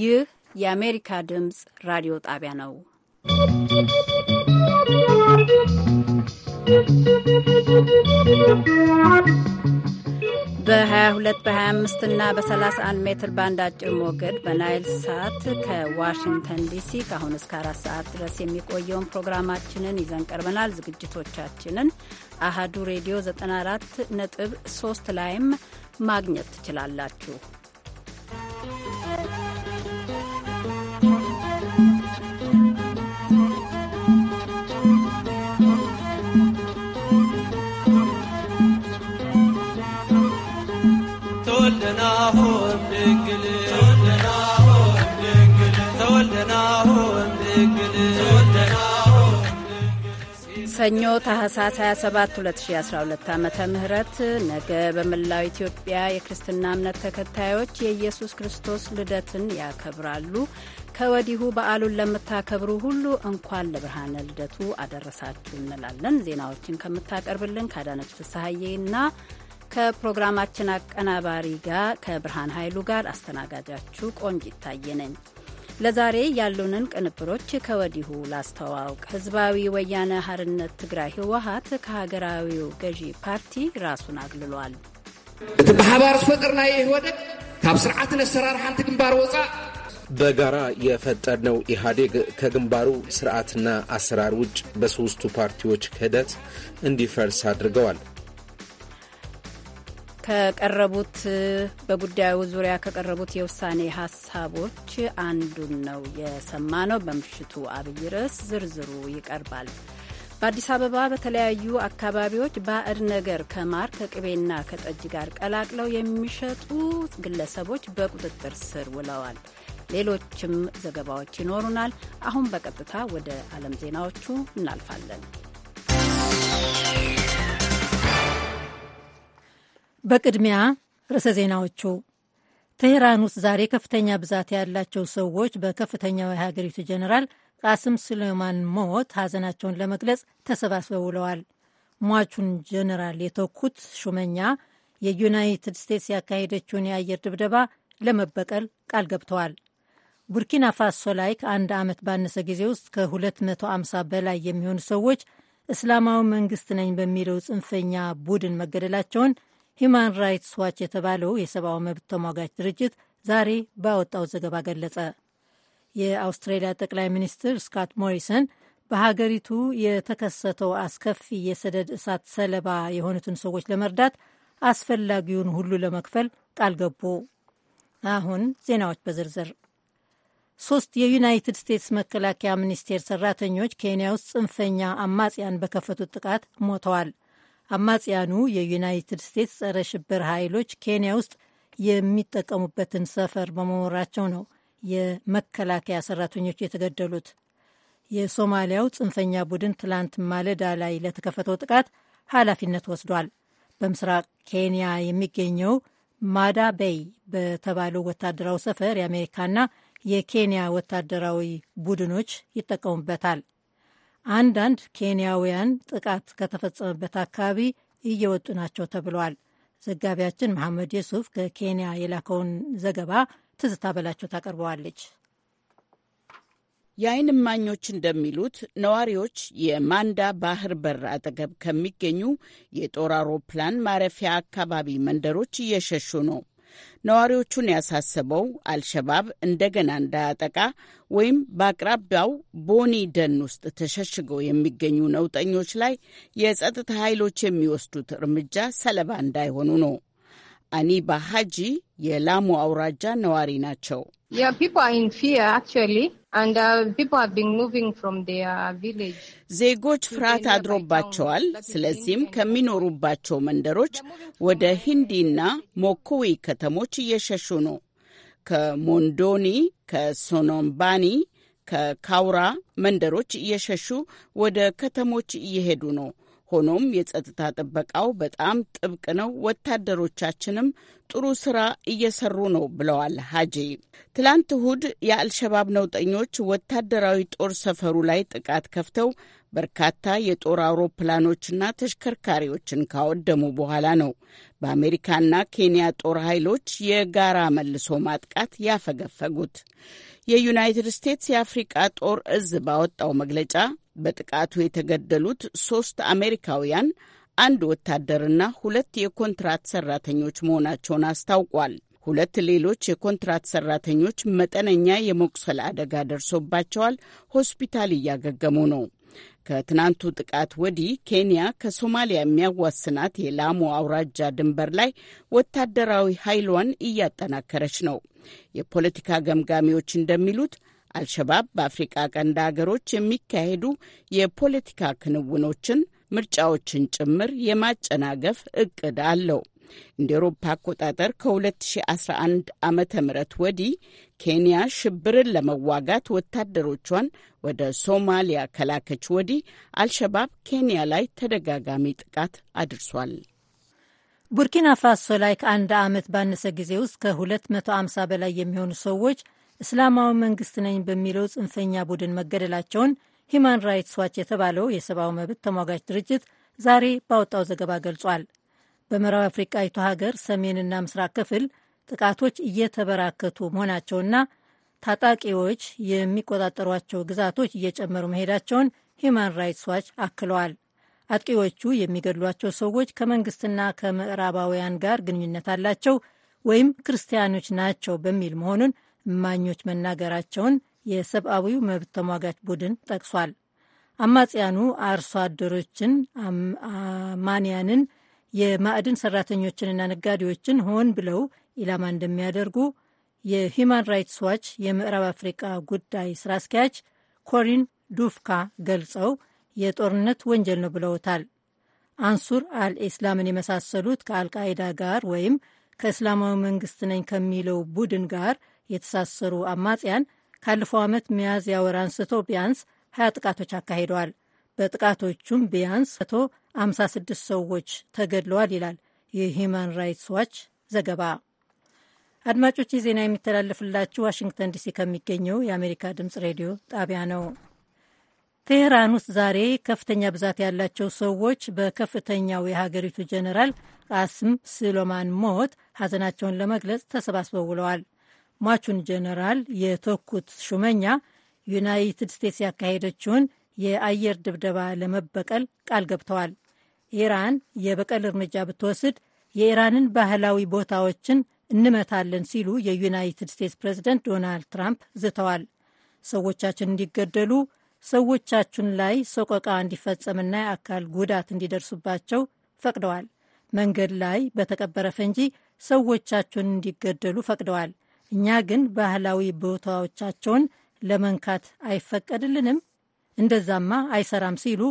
ይህ የአሜሪካ ድምፅ ራዲዮ ጣቢያ ነው። በ22 በ25 እና በ31 ሜትር ባንድ አጭር ሞገድ በናይል ሳት ከዋሽንግተን ዲሲ ከአሁን እስከ አራት ሰዓት ድረስ የሚቆየውን ፕሮግራማችንን ይዘን ቀርበናል። ዝግጅቶቻችንን አሃዱ ሬዲዮ 94 ነጥብ 3 ላይም ማግኘት ትችላላችሁ። ሰኞ ታህሳስ 27 2012 ዓመተ ምህረት ነገ በመላው ኢትዮጵያ የክርስትና እምነት ተከታዮች የኢየሱስ ክርስቶስ ልደትን ያከብራሉ። ከወዲሁ በዓሉን ለምታከብሩ ሁሉ እንኳን ለብርሃነ ልደቱ አደረሳችሁ እንላለን። ዜናዎችን ከምታቀርብልን ከአዳነች ፍስሐዬ ከፕሮግራማችን አቀናባሪ ጋር ከብርሃን ኃይሉ ጋር አስተናጋጃችሁ ቆንጅ ይታየ ነኝ። ለዛሬ ያሉንን ቅንብሮች ከወዲሁ ላስተዋውቅ። ህዝባዊ ወያነ ሀርነት ትግራይ ህወሀት ከሀገራዊው ገዢ ፓርቲ ራሱን አግልሏል። እቲ ማሕባር ዝፈጥርናዮ ህወደግ ካብ ስርዓትን ኣሰራርሓንቲ ግንባር ወፃእ በጋራ የፈጠርነው ኢህአዴግ ከግንባሩ ስርዓትና አሰራር ውጭ በሦስቱ ፓርቲዎች ክህደት እንዲፈርስ አድርገዋል። ከቀረቡት በጉዳዩ ዙሪያ ከቀረቡት የውሳኔ ሀሳቦች አንዱን ነው የሰማ ነው። በምሽቱ አብይ ርዕስ ዝርዝሩ ይቀርባል። በአዲስ አበባ በተለያዩ አካባቢዎች ባዕድ ነገር ከማር ከቅቤና ከጠጅ ጋር ቀላቅለው የሚሸጡ ግለሰቦች በቁጥጥር ስር ውለዋል። ሌሎችም ዘገባዎች ይኖሩናል። አሁን በቀጥታ ወደ ዓለም ዜናዎቹ እናልፋለን። በቅድሚያ ርዕሰ ዜናዎቹ። ቴህራን ውስጥ ዛሬ ከፍተኛ ብዛት ያላቸው ሰዎች በከፍተኛው የሀገሪቱ ጀኔራል ቃስም ስሌማን ሞት ሀዘናቸውን ለመግለጽ ተሰባስበው ውለዋል። ሟቹን ጀኔራል የተኩት ሹመኛ የዩናይትድ ስቴትስ ያካሄደችውን የአየር ድብደባ ለመበቀል ቃል ገብተዋል። ቡርኪና ፋሶ ላይ ከአንድ ዓመት ባነሰ ጊዜ ውስጥ ከ250 በላይ የሚሆኑ ሰዎች እስላማዊ መንግስት ነኝ በሚለው ጽንፈኛ ቡድን መገደላቸውን ሂማን ራይትስ ዋች የተባለው የሰብአዊ መብት ተሟጋች ድርጅት ዛሬ ባወጣው ዘገባ ገለጸ። የአውስትሬሊያ ጠቅላይ ሚኒስትር ስካት ሞሪሰን በሀገሪቱ የተከሰተው አስከፊ የሰደድ እሳት ሰለባ የሆኑትን ሰዎች ለመርዳት አስፈላጊውን ሁሉ ለመክፈል ቃል ገቡ። አሁን ዜናዎች በዝርዝር። ሶስት የዩናይትድ ስቴትስ መከላከያ ሚኒስቴር ሰራተኞች ኬንያ ውስጥ ጽንፈኛ አማጽያን በከፈቱት ጥቃት ሞተዋል። አማጽያኑ የዩናይትድ ስቴትስ ጸረ ሽብር ኃይሎች ኬንያ ውስጥ የሚጠቀሙበትን ሰፈር በመኖራቸው ነው የመከላከያ ሰራተኞች የተገደሉት። የሶማሊያው ጽንፈኛ ቡድን ትላንት ማለዳ ላይ ለተከፈተው ጥቃት ኃላፊነት ወስዷል። በምስራቅ ኬንያ የሚገኘው ማዳ ቤይ በተባለው ወታደራዊ ሰፈር የአሜሪካና የኬንያ ወታደራዊ ቡድኖች ይጠቀሙበታል። አንዳንድ ኬንያውያን ጥቃት ከተፈጸመበት አካባቢ እየወጡ ናቸው ተብሏል። ዘጋቢያችን መሐመድ የሱፍ ከኬንያ የላከውን ዘገባ ትዝታ በላቸው ታቀርበዋለች። የአይን እማኞች እንደሚሉት ነዋሪዎች የማንዳ ባህር በር አጠገብ ከሚገኙ የጦር አውሮፕላን ማረፊያ አካባቢ መንደሮች እየሸሹ ነው። ነዋሪዎቹን ያሳሰበው አልሸባብ እንደገና እንዳያጠቃ ወይም በአቅራቢያው ቦኒ ደን ውስጥ ተሸሽገው የሚገኙ ነውጠኞች ላይ የጸጥታ ኃይሎች የሚወስዱት እርምጃ ሰለባ እንዳይሆኑ ነው። አኒባ ሀጂ የላሙ አውራጃ ነዋሪ ናቸው። Uh, ዜጎች ፍርሃት አድሮባቸዋል። ስለዚህም ከሚኖሩባቸው መንደሮች ወደ ሂንዲና ሞኩዊ ከተሞች እየሸሹ ነው። ከሞንዶኒ፣ ከሶኖምባኒ፣ ከካውራ መንደሮች እየሸሹ ወደ ከተሞች እየሄዱ ነው። ሆኖም የጸጥታ ጥበቃው በጣም ጥብቅ ነው፣ ወታደሮቻችንም ጥሩ ስራ እየሰሩ ነው ብለዋል ሀጂ። ትላንት እሁድ የአልሸባብ ነውጠኞች ወታደራዊ ጦር ሰፈሩ ላይ ጥቃት ከፍተው በርካታ የጦር አውሮፕላኖችና ተሽከርካሪዎችን ካወደሙ በኋላ ነው በአሜሪካና ኬንያ ጦር ኃይሎች የጋራ መልሶ ማጥቃት ያፈገፈጉት። የዩናይትድ ስቴትስ የአፍሪቃ ጦር እዝ ባወጣው መግለጫ በጥቃቱ የተገደሉት ሶስት አሜሪካውያን አንድ ወታደርና ሁለት የኮንትራት ሰራተኞች መሆናቸውን አስታውቋል። ሁለት ሌሎች የኮንትራት ሰራተኞች መጠነኛ የመቁሰል አደጋ ደርሶባቸዋል፣ ሆስፒታል እያገገሙ ነው። ከትናንቱ ጥቃት ወዲህ ኬንያ ከሶማሊያ የሚያዋስናት የላሙ አውራጃ ድንበር ላይ ወታደራዊ ኃይሏን እያጠናከረች ነው። የፖለቲካ ገምጋሚዎች እንደሚሉት አልሸባብ በአፍሪቃ ቀንድ አገሮች የሚካሄዱ የፖለቲካ ክንውኖችን፣ ምርጫዎችን ጭምር የማጨናገፍ እቅድ አለው። እንደ ኤሮፓ አቆጣጠር ከ2011 ዓ ም ወዲህ ኬንያ ሽብርን ለመዋጋት ወታደሮቿን ወደ ሶማሊያ ከላከች ወዲህ አልሸባብ ኬንያ ላይ ተደጋጋሚ ጥቃት አድርሷል። ቡርኪና ፋሶ ላይ ከአንድ ዓመት ባነሰ ጊዜ ውስጥ ከ250 በላይ የሚሆኑ ሰዎች እስላማዊ መንግስት ነኝ በሚለው ጽንፈኛ ቡድን መገደላቸውን ሂማን ራይትስ ዋች የተባለው የሰብአዊ መብት ተሟጋች ድርጅት ዛሬ ባወጣው ዘገባ ገልጿል። በምዕራብ አፍሪቃዊቱ ሀገር ሰሜንና ምስራቅ ክፍል ጥቃቶች እየተበራከቱ መሆናቸውና ታጣቂዎች የሚቆጣጠሯቸው ግዛቶች እየጨመሩ መሄዳቸውን ሂማን ራይትስ ዋች አክለዋል። አጥቂዎቹ የሚገድሏቸው ሰዎች ከመንግስትና ከምዕራባውያን ጋር ግንኙነት አላቸው ወይም ክርስቲያኖች ናቸው በሚል መሆኑን እማኞች መናገራቸውን የሰብአዊው መብት ተሟጋች ቡድን ጠቅሷል። አማጽያኑ አርሶ አደሮችን፣ አማንያንን፣ የማዕድን ሰራተኞችንና ነጋዴዎችን ሆን ብለው ኢላማ እንደሚያደርጉ የሂዩማን ራይትስ ዋች የምዕራብ አፍሪቃ ጉዳይ ስራ አስኪያጅ ኮሪን ዱፍካ ገልጸው የጦርነት ወንጀል ነው ብለውታል። አንሱር አልኢስላምን የመሳሰሉት ከአልቃይዳ ጋር ወይም ከእስላማዊ መንግስት ነኝ ከሚለው ቡድን ጋር የተሳሰሩ አማጽያን ካለፈው ዓመት ሚያዝያ ወር አንስቶ ቢያንስ 20 ጥቃቶች አካሂደዋል። በጥቃቶቹም ቢያንስ 156 ሰዎች ተገድለዋል ይላል የሂዩማን ራይትስ ዋች ዘገባ። አድማጮች ዜና የሚተላለፍላችሁ ዋሽንግተን ዲሲ ከሚገኘው የአሜሪካ ድምጽ ሬዲዮ ጣቢያ ነው። ቴህራን ውስጥ ዛሬ ከፍተኛ ብዛት ያላቸው ሰዎች በከፍተኛው የሀገሪቱ ጀኔራል ቃስም ስሎማን ሞት ሀዘናቸውን ለመግለጽ ተሰባስበው ውለዋል። ሟቹን ጀነራል የተኩት ሹመኛ ዩናይትድ ስቴትስ ያካሄደችውን የአየር ድብደባ ለመበቀል ቃል ገብተዋል። ኢራን የበቀል እርምጃ ብትወስድ የኢራንን ባህላዊ ቦታዎችን እንመታለን ሲሉ የዩናይትድ ስቴትስ ፕሬዝደንት ዶናልድ ትራምፕ ዝተዋል። ሰዎቻችን እንዲገደሉ፣ ሰዎቻችን ላይ ሰቆቃ እንዲፈጸምና የአካል ጉዳት እንዲደርሱባቸው ፈቅደዋል። መንገድ ላይ በተቀበረ ፈንጂ ሰዎቻችን እንዲገደሉ ፈቅደዋል። እኛ ግን ባህላዊ ቦታዎቻቸውን ለመንካት አይፈቀድልንም? እንደዛማ አይሰራም ሲሉ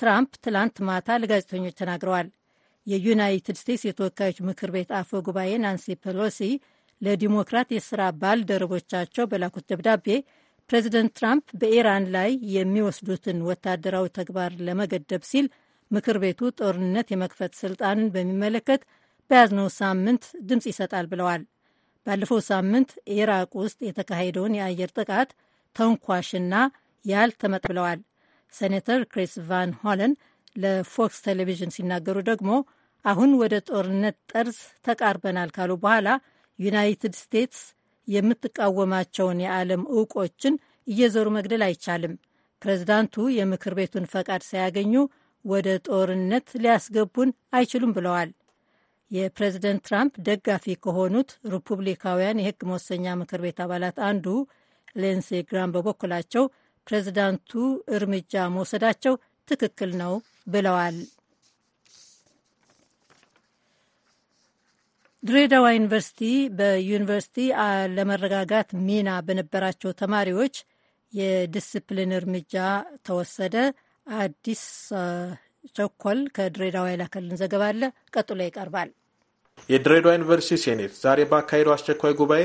ትራምፕ ትላንት ማታ ለጋዜጠኞች ተናግረዋል። የዩናይትድ ስቴትስ የተወካዮች ምክር ቤት አፈ ጉባኤ ናንሲ ፔሎሲ ለዲሞክራት የሥራ ባልደረቦቻቸው በላኩት ደብዳቤ ፕሬዚደንት ትራምፕ በኢራን ላይ የሚወስዱትን ወታደራዊ ተግባር ለመገደብ ሲል ምክር ቤቱ ጦርነት የመክፈት ስልጣንን በሚመለከት በያዝነው ሳምንት ድምፅ ይሰጣል ብለዋል። ባለፈው ሳምንት ኢራቅ ውስጥ የተካሄደውን የአየር ጥቃት ተንኳሽና ያልተመጣ ብለዋል። ሴኔተር ክሪስ ቫን ሆለን ለፎክስ ቴሌቪዥን ሲናገሩ ደግሞ አሁን ወደ ጦርነት ጠርዝ ተቃርበናል ካሉ በኋላ ዩናይትድ ስቴትስ የምትቃወማቸውን የዓለም እውቆችን እየዞሩ መግደል አይቻልም። ፕሬዝዳንቱ የምክር ቤቱን ፈቃድ ሳያገኙ ወደ ጦርነት ሊያስገቡን አይችሉም ብለዋል። የፕሬዝደንት ትራምፕ ደጋፊ ከሆኑት ሪፑብሊካውያን የህግ መወሰኛ ምክር ቤት አባላት አንዱ ሌንሴ ግራም በበኩላቸው ፕሬዝዳንቱ እርምጃ መውሰዳቸው ትክክል ነው ብለዋል። ድሬዳዋ ዩኒቨርሲቲ በዩኒቨርሲቲ ለመረጋጋት ሚና በነበራቸው ተማሪዎች የዲስፕሊን እርምጃ ተወሰደ። አዲስ ቸኮል ከድሬዳዋ የላከልን ዘገባ አለ፣ ቀጥሎ ይቀርባል። የድሬዳዋ ዩኒቨርሲቲ ሴኔት ዛሬ ባካሄደው አስቸኳይ ጉባኤ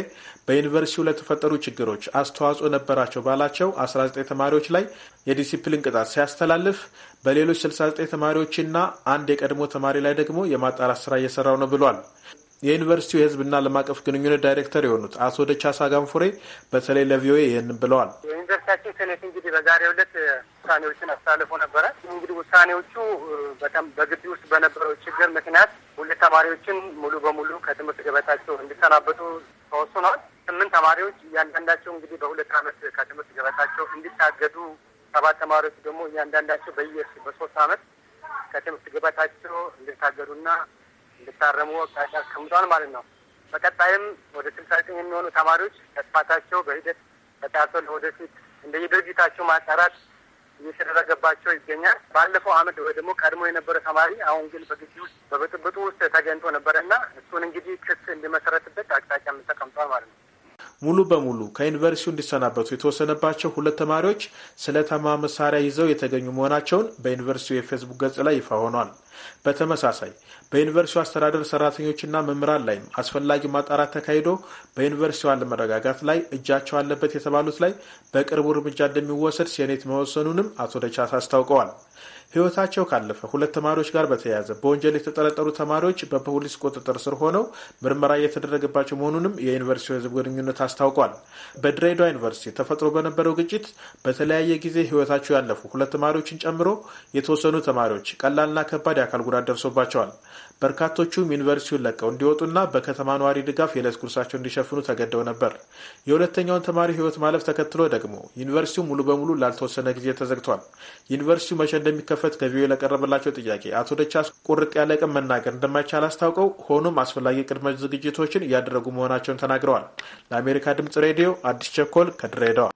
በዩኒቨርሲቲው ለተፈጠሩ ችግሮች አስተዋጽኦ ነበራቸው ባላቸው 19 ተማሪዎች ላይ የዲሲፕሊን ቅጣት ሲያስተላልፍ በሌሎች 69 ተማሪዎችና አንድ የቀድሞ ተማሪ ላይ ደግሞ የማጣራት ስራ እየሰራው ነው ብሏል። የዩኒቨርሲቲው የሕዝብና ዓለም አቀፍ ግንኙነት ዳይሬክተር የሆኑት አቶ ደቻሳ ጋንፎሬ በተለይ ለቪኦኤ ይህን ብለዋል። የዩኒቨርሲቲያችን ሴኔት እንግዲህ በዛሬው ዕለት ውሳኔዎችን አስተላልፎ ነበረ። እንግዲህ ውሳኔዎቹ በጣም በግቢ ውስጥ በነበረው ችግር ምክንያት ሁለት ተማሪዎችን ሙሉ በሙሉ ከትምህርት ገበታቸው እንዲሰናበቱ ተወስኗል። ስምንት ተማሪዎች እያንዳንዳቸው እንግዲህ በሁለት ዓመት ከትምህርት ገበታቸው እንዲታገዱ፣ ሰባት ተማሪዎች ደግሞ እያንዳንዳቸው በየ በሶስት ዓመት ከትምህርት ገበታቸው እንዲታገዱና እንድታረሙ አቅጣጫ አስቀምጧል ማለት ነው። በቀጣይም ወደ ስልሳ ዘጠኝ የሚሆኑ ተማሪዎች ተጥፋታቸው በሂደት ተጣርቶ ለወደፊት እንደየድርጊታቸው ማጣራት እየተደረገባቸው ይገኛል። ባለፈው ዓመት ወይ ደግሞ ቀድሞ የነበረ ተማሪ አሁን ግን በግቢ ውስጥ በብጥብጡ ውስጥ ተገኝቶ ነበረና እሱን እንግዲህ ክስ እንዲመሰረትበት አቅጣጫ ተቀምጧል ማለት ነው። ሙሉ በሙሉ ከዩኒቨርሲቲው እንዲሰናበቱ የተወሰነባቸው ሁለት ተማሪዎች ስለታማ መሳሪያ ይዘው የተገኙ መሆናቸውን በዩኒቨርሲቲው የፌስቡክ ገጽ ላይ ይፋ ሆኗል። በተመሳሳይ በዩኒቨርሲቲው አስተዳደር ሰራተኞችና መምህራን ላይም አስፈላጊ ማጣራት ተካሂዶ በዩኒቨርሲቲው አለመረጋጋት ላይ እጃቸው አለበት የተባሉት ላይ በቅርቡ እርምጃ እንደሚወሰድ ሴኔት መወሰኑንም አቶ ደቻስ አስታውቀዋል። ህይወታቸው ካለፈ ሁለት ተማሪዎች ጋር በተያያዘ በወንጀል የተጠረጠሩ ተማሪዎች በፖሊስ ቁጥጥር ስር ሆነው ምርመራ እየተደረገባቸው መሆኑንም የዩኒቨርሲቲው ህዝብ ግንኙነት አስታውቋል። በድሬዳዋ ዩኒቨርሲቲ ተፈጥሮ በነበረው ግጭት በተለያየ ጊዜ ህይወታቸው ያለፉ ሁለት ተማሪዎችን ጨምሮ የተወሰኑ ተማሪዎች ቀላልና ከባድ የአካል ጉዳት ደርሶባቸዋል። በርካቶቹም ዩኒቨርሲቲውን ለቀው እንዲወጡና በከተማ ነዋሪ ድጋፍ የዕለት ኩርሳቸው እንዲሸፍኑ ተገደው ነበር። የሁለተኛውን ተማሪ ህይወት ማለፍ ተከትሎ ደግሞ ዩኒቨርሲቲው ሙሉ በሙሉ ላልተወሰነ ጊዜ ተዘግቷል። ዩኒቨርሲቲው መቼ እንደሚከፈ በተመለከተ ከቪኦኤ ለቀረበላቸው ጥያቄ አቶ ደቻስ ቁርጥ ያለ ቀን መናገር እንደማይቻል አስታውቀው ሆኖም አስፈላጊ ቅድመ ዝግጅቶችን እያደረጉ መሆናቸውን ተናግረዋል። ለአሜሪካ ድምጽ ሬዲዮ አዲስ ቸኮል ከድሬዳዋ።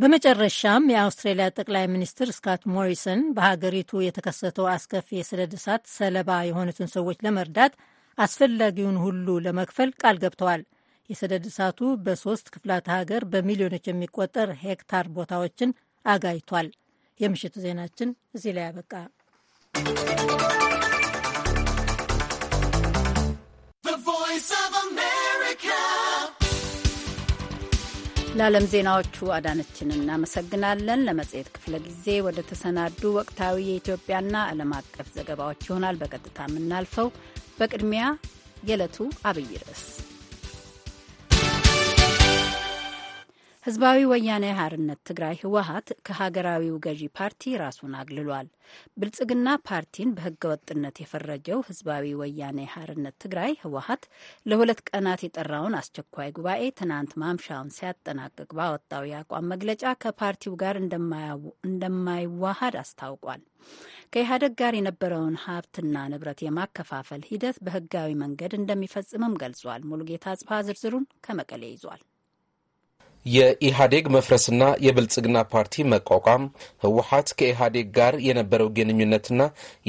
በመጨረሻም የአውስትሬሊያ ጠቅላይ ሚኒስትር ስካት ሞሪሰን በሀገሪቱ የተከሰተው አስከፊ የሰደድ እሳት ሰለባ የሆኑትን ሰዎች ለመርዳት አስፈላጊውን ሁሉ ለመክፈል ቃል ገብተዋል። የሰደድ እሳቱ በሶስት ክፍላተ ሀገር በሚሊዮኖች የሚቆጠር ሄክታር ቦታዎችን አጋይቷል። የምሽቱ ዜናችን እዚህ ላይ ያበቃ። ለዓለም ዜናዎቹ አዳነችን እናመሰግናለን። ለመጽሔት ክፍለ ጊዜ ወደ ተሰናዱ ወቅታዊ የኢትዮጵያና ዓለም አቀፍ ዘገባዎች ይሆናል በቀጥታ የምናልፈው። በቅድሚያ የዕለቱ አብይ ርዕስ ህዝባዊ ወያኔ ሓርነት ትግራይ ህወሀት ከሀገራዊው ገዢ ፓርቲ ራሱን አግልሏል። ብልጽግና ፓርቲን በህገወጥነት የፈረጀው ህዝባዊ ወያኔ ሓርነት ትግራይ ህወሀት ለሁለት ቀናት የጠራውን አስቸኳይ ጉባኤ ትናንት ማምሻውን ሲያጠናቅቅ ባወጣው የአቋም መግለጫ ከፓርቲው ጋር እንደማይዋሃድ አስታውቋል። ከኢህአደግ ጋር የነበረውን ሀብትና ንብረት የማከፋፈል ሂደት በህጋዊ መንገድ እንደሚፈጽምም ገልጿል። ሙሉጌታ ጽፋ ዝርዝሩን ከመቀሌ ይዟል። የኢህአዴግ መፍረስና የብልጽግና ፓርቲ መቋቋም ህወሀት ከኢህአዴግ ጋር የነበረው ግንኙነትና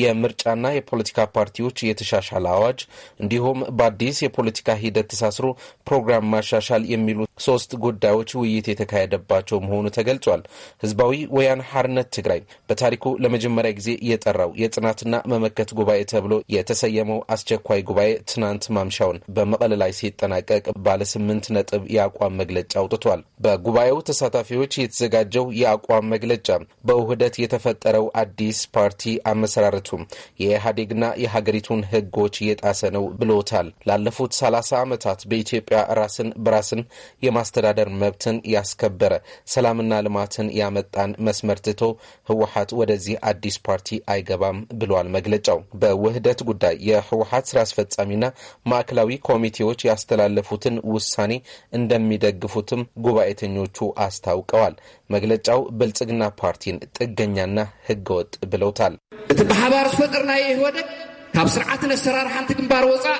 የምርጫና የፖለቲካ ፓርቲዎች የተሻሻለ አዋጅ እንዲሁም በአዲስ የፖለቲካ ሂደት ተሳስሮ ፕሮግራም ማሻሻል የሚሉ ሶስት ጉዳዮች ውይይት የተካሄደባቸው መሆኑ ተገልጿል። ህዝባዊ ወያነ ሓርነት ትግራይ በታሪኩ ለመጀመሪያ ጊዜ የጠራው የጽናትና መመከት ጉባኤ ተብሎ የተሰየመው አስቸኳይ ጉባኤ ትናንት ማምሻውን በመቀለ ላይ ሲጠናቀቅ ባለ ስምንት ነጥብ የአቋም መግለጫ አውጥቷል። ተናግረዋል። በጉባኤው ተሳታፊዎች የተዘጋጀው የአቋም መግለጫ በውህደት የተፈጠረው አዲስ ፓርቲ አመሰራረቱም የኢህአዴግና የሀገሪቱን ህጎች እየጣሰ ነው ብሎታል። ላለፉት 30 ዓመታት በኢትዮጵያ ራስን በራስን የማስተዳደር መብትን ያስከበረ ሰላምና ልማትን ያመጣን መስመር ትቶ ህወሀት ወደዚህ አዲስ ፓርቲ አይገባም ብሏል መግለጫው። በውህደት ጉዳይ የህወሀት ስራ አስፈጻሚና ማዕከላዊ ኮሚቴዎች ያስተላለፉትን ውሳኔ እንደሚደግፉትም ጉባኤተኞቹ አስታውቀዋል። መግለጫው ብልጽግና ፓርቲን ጥገኛና ህገወጥ ብለውታል። እቲ ብሓባር ዝፈጥርናዮ ህወደት ካብ ስርዓትን ኣሰራርሓንቲ ግንባር ወፃእ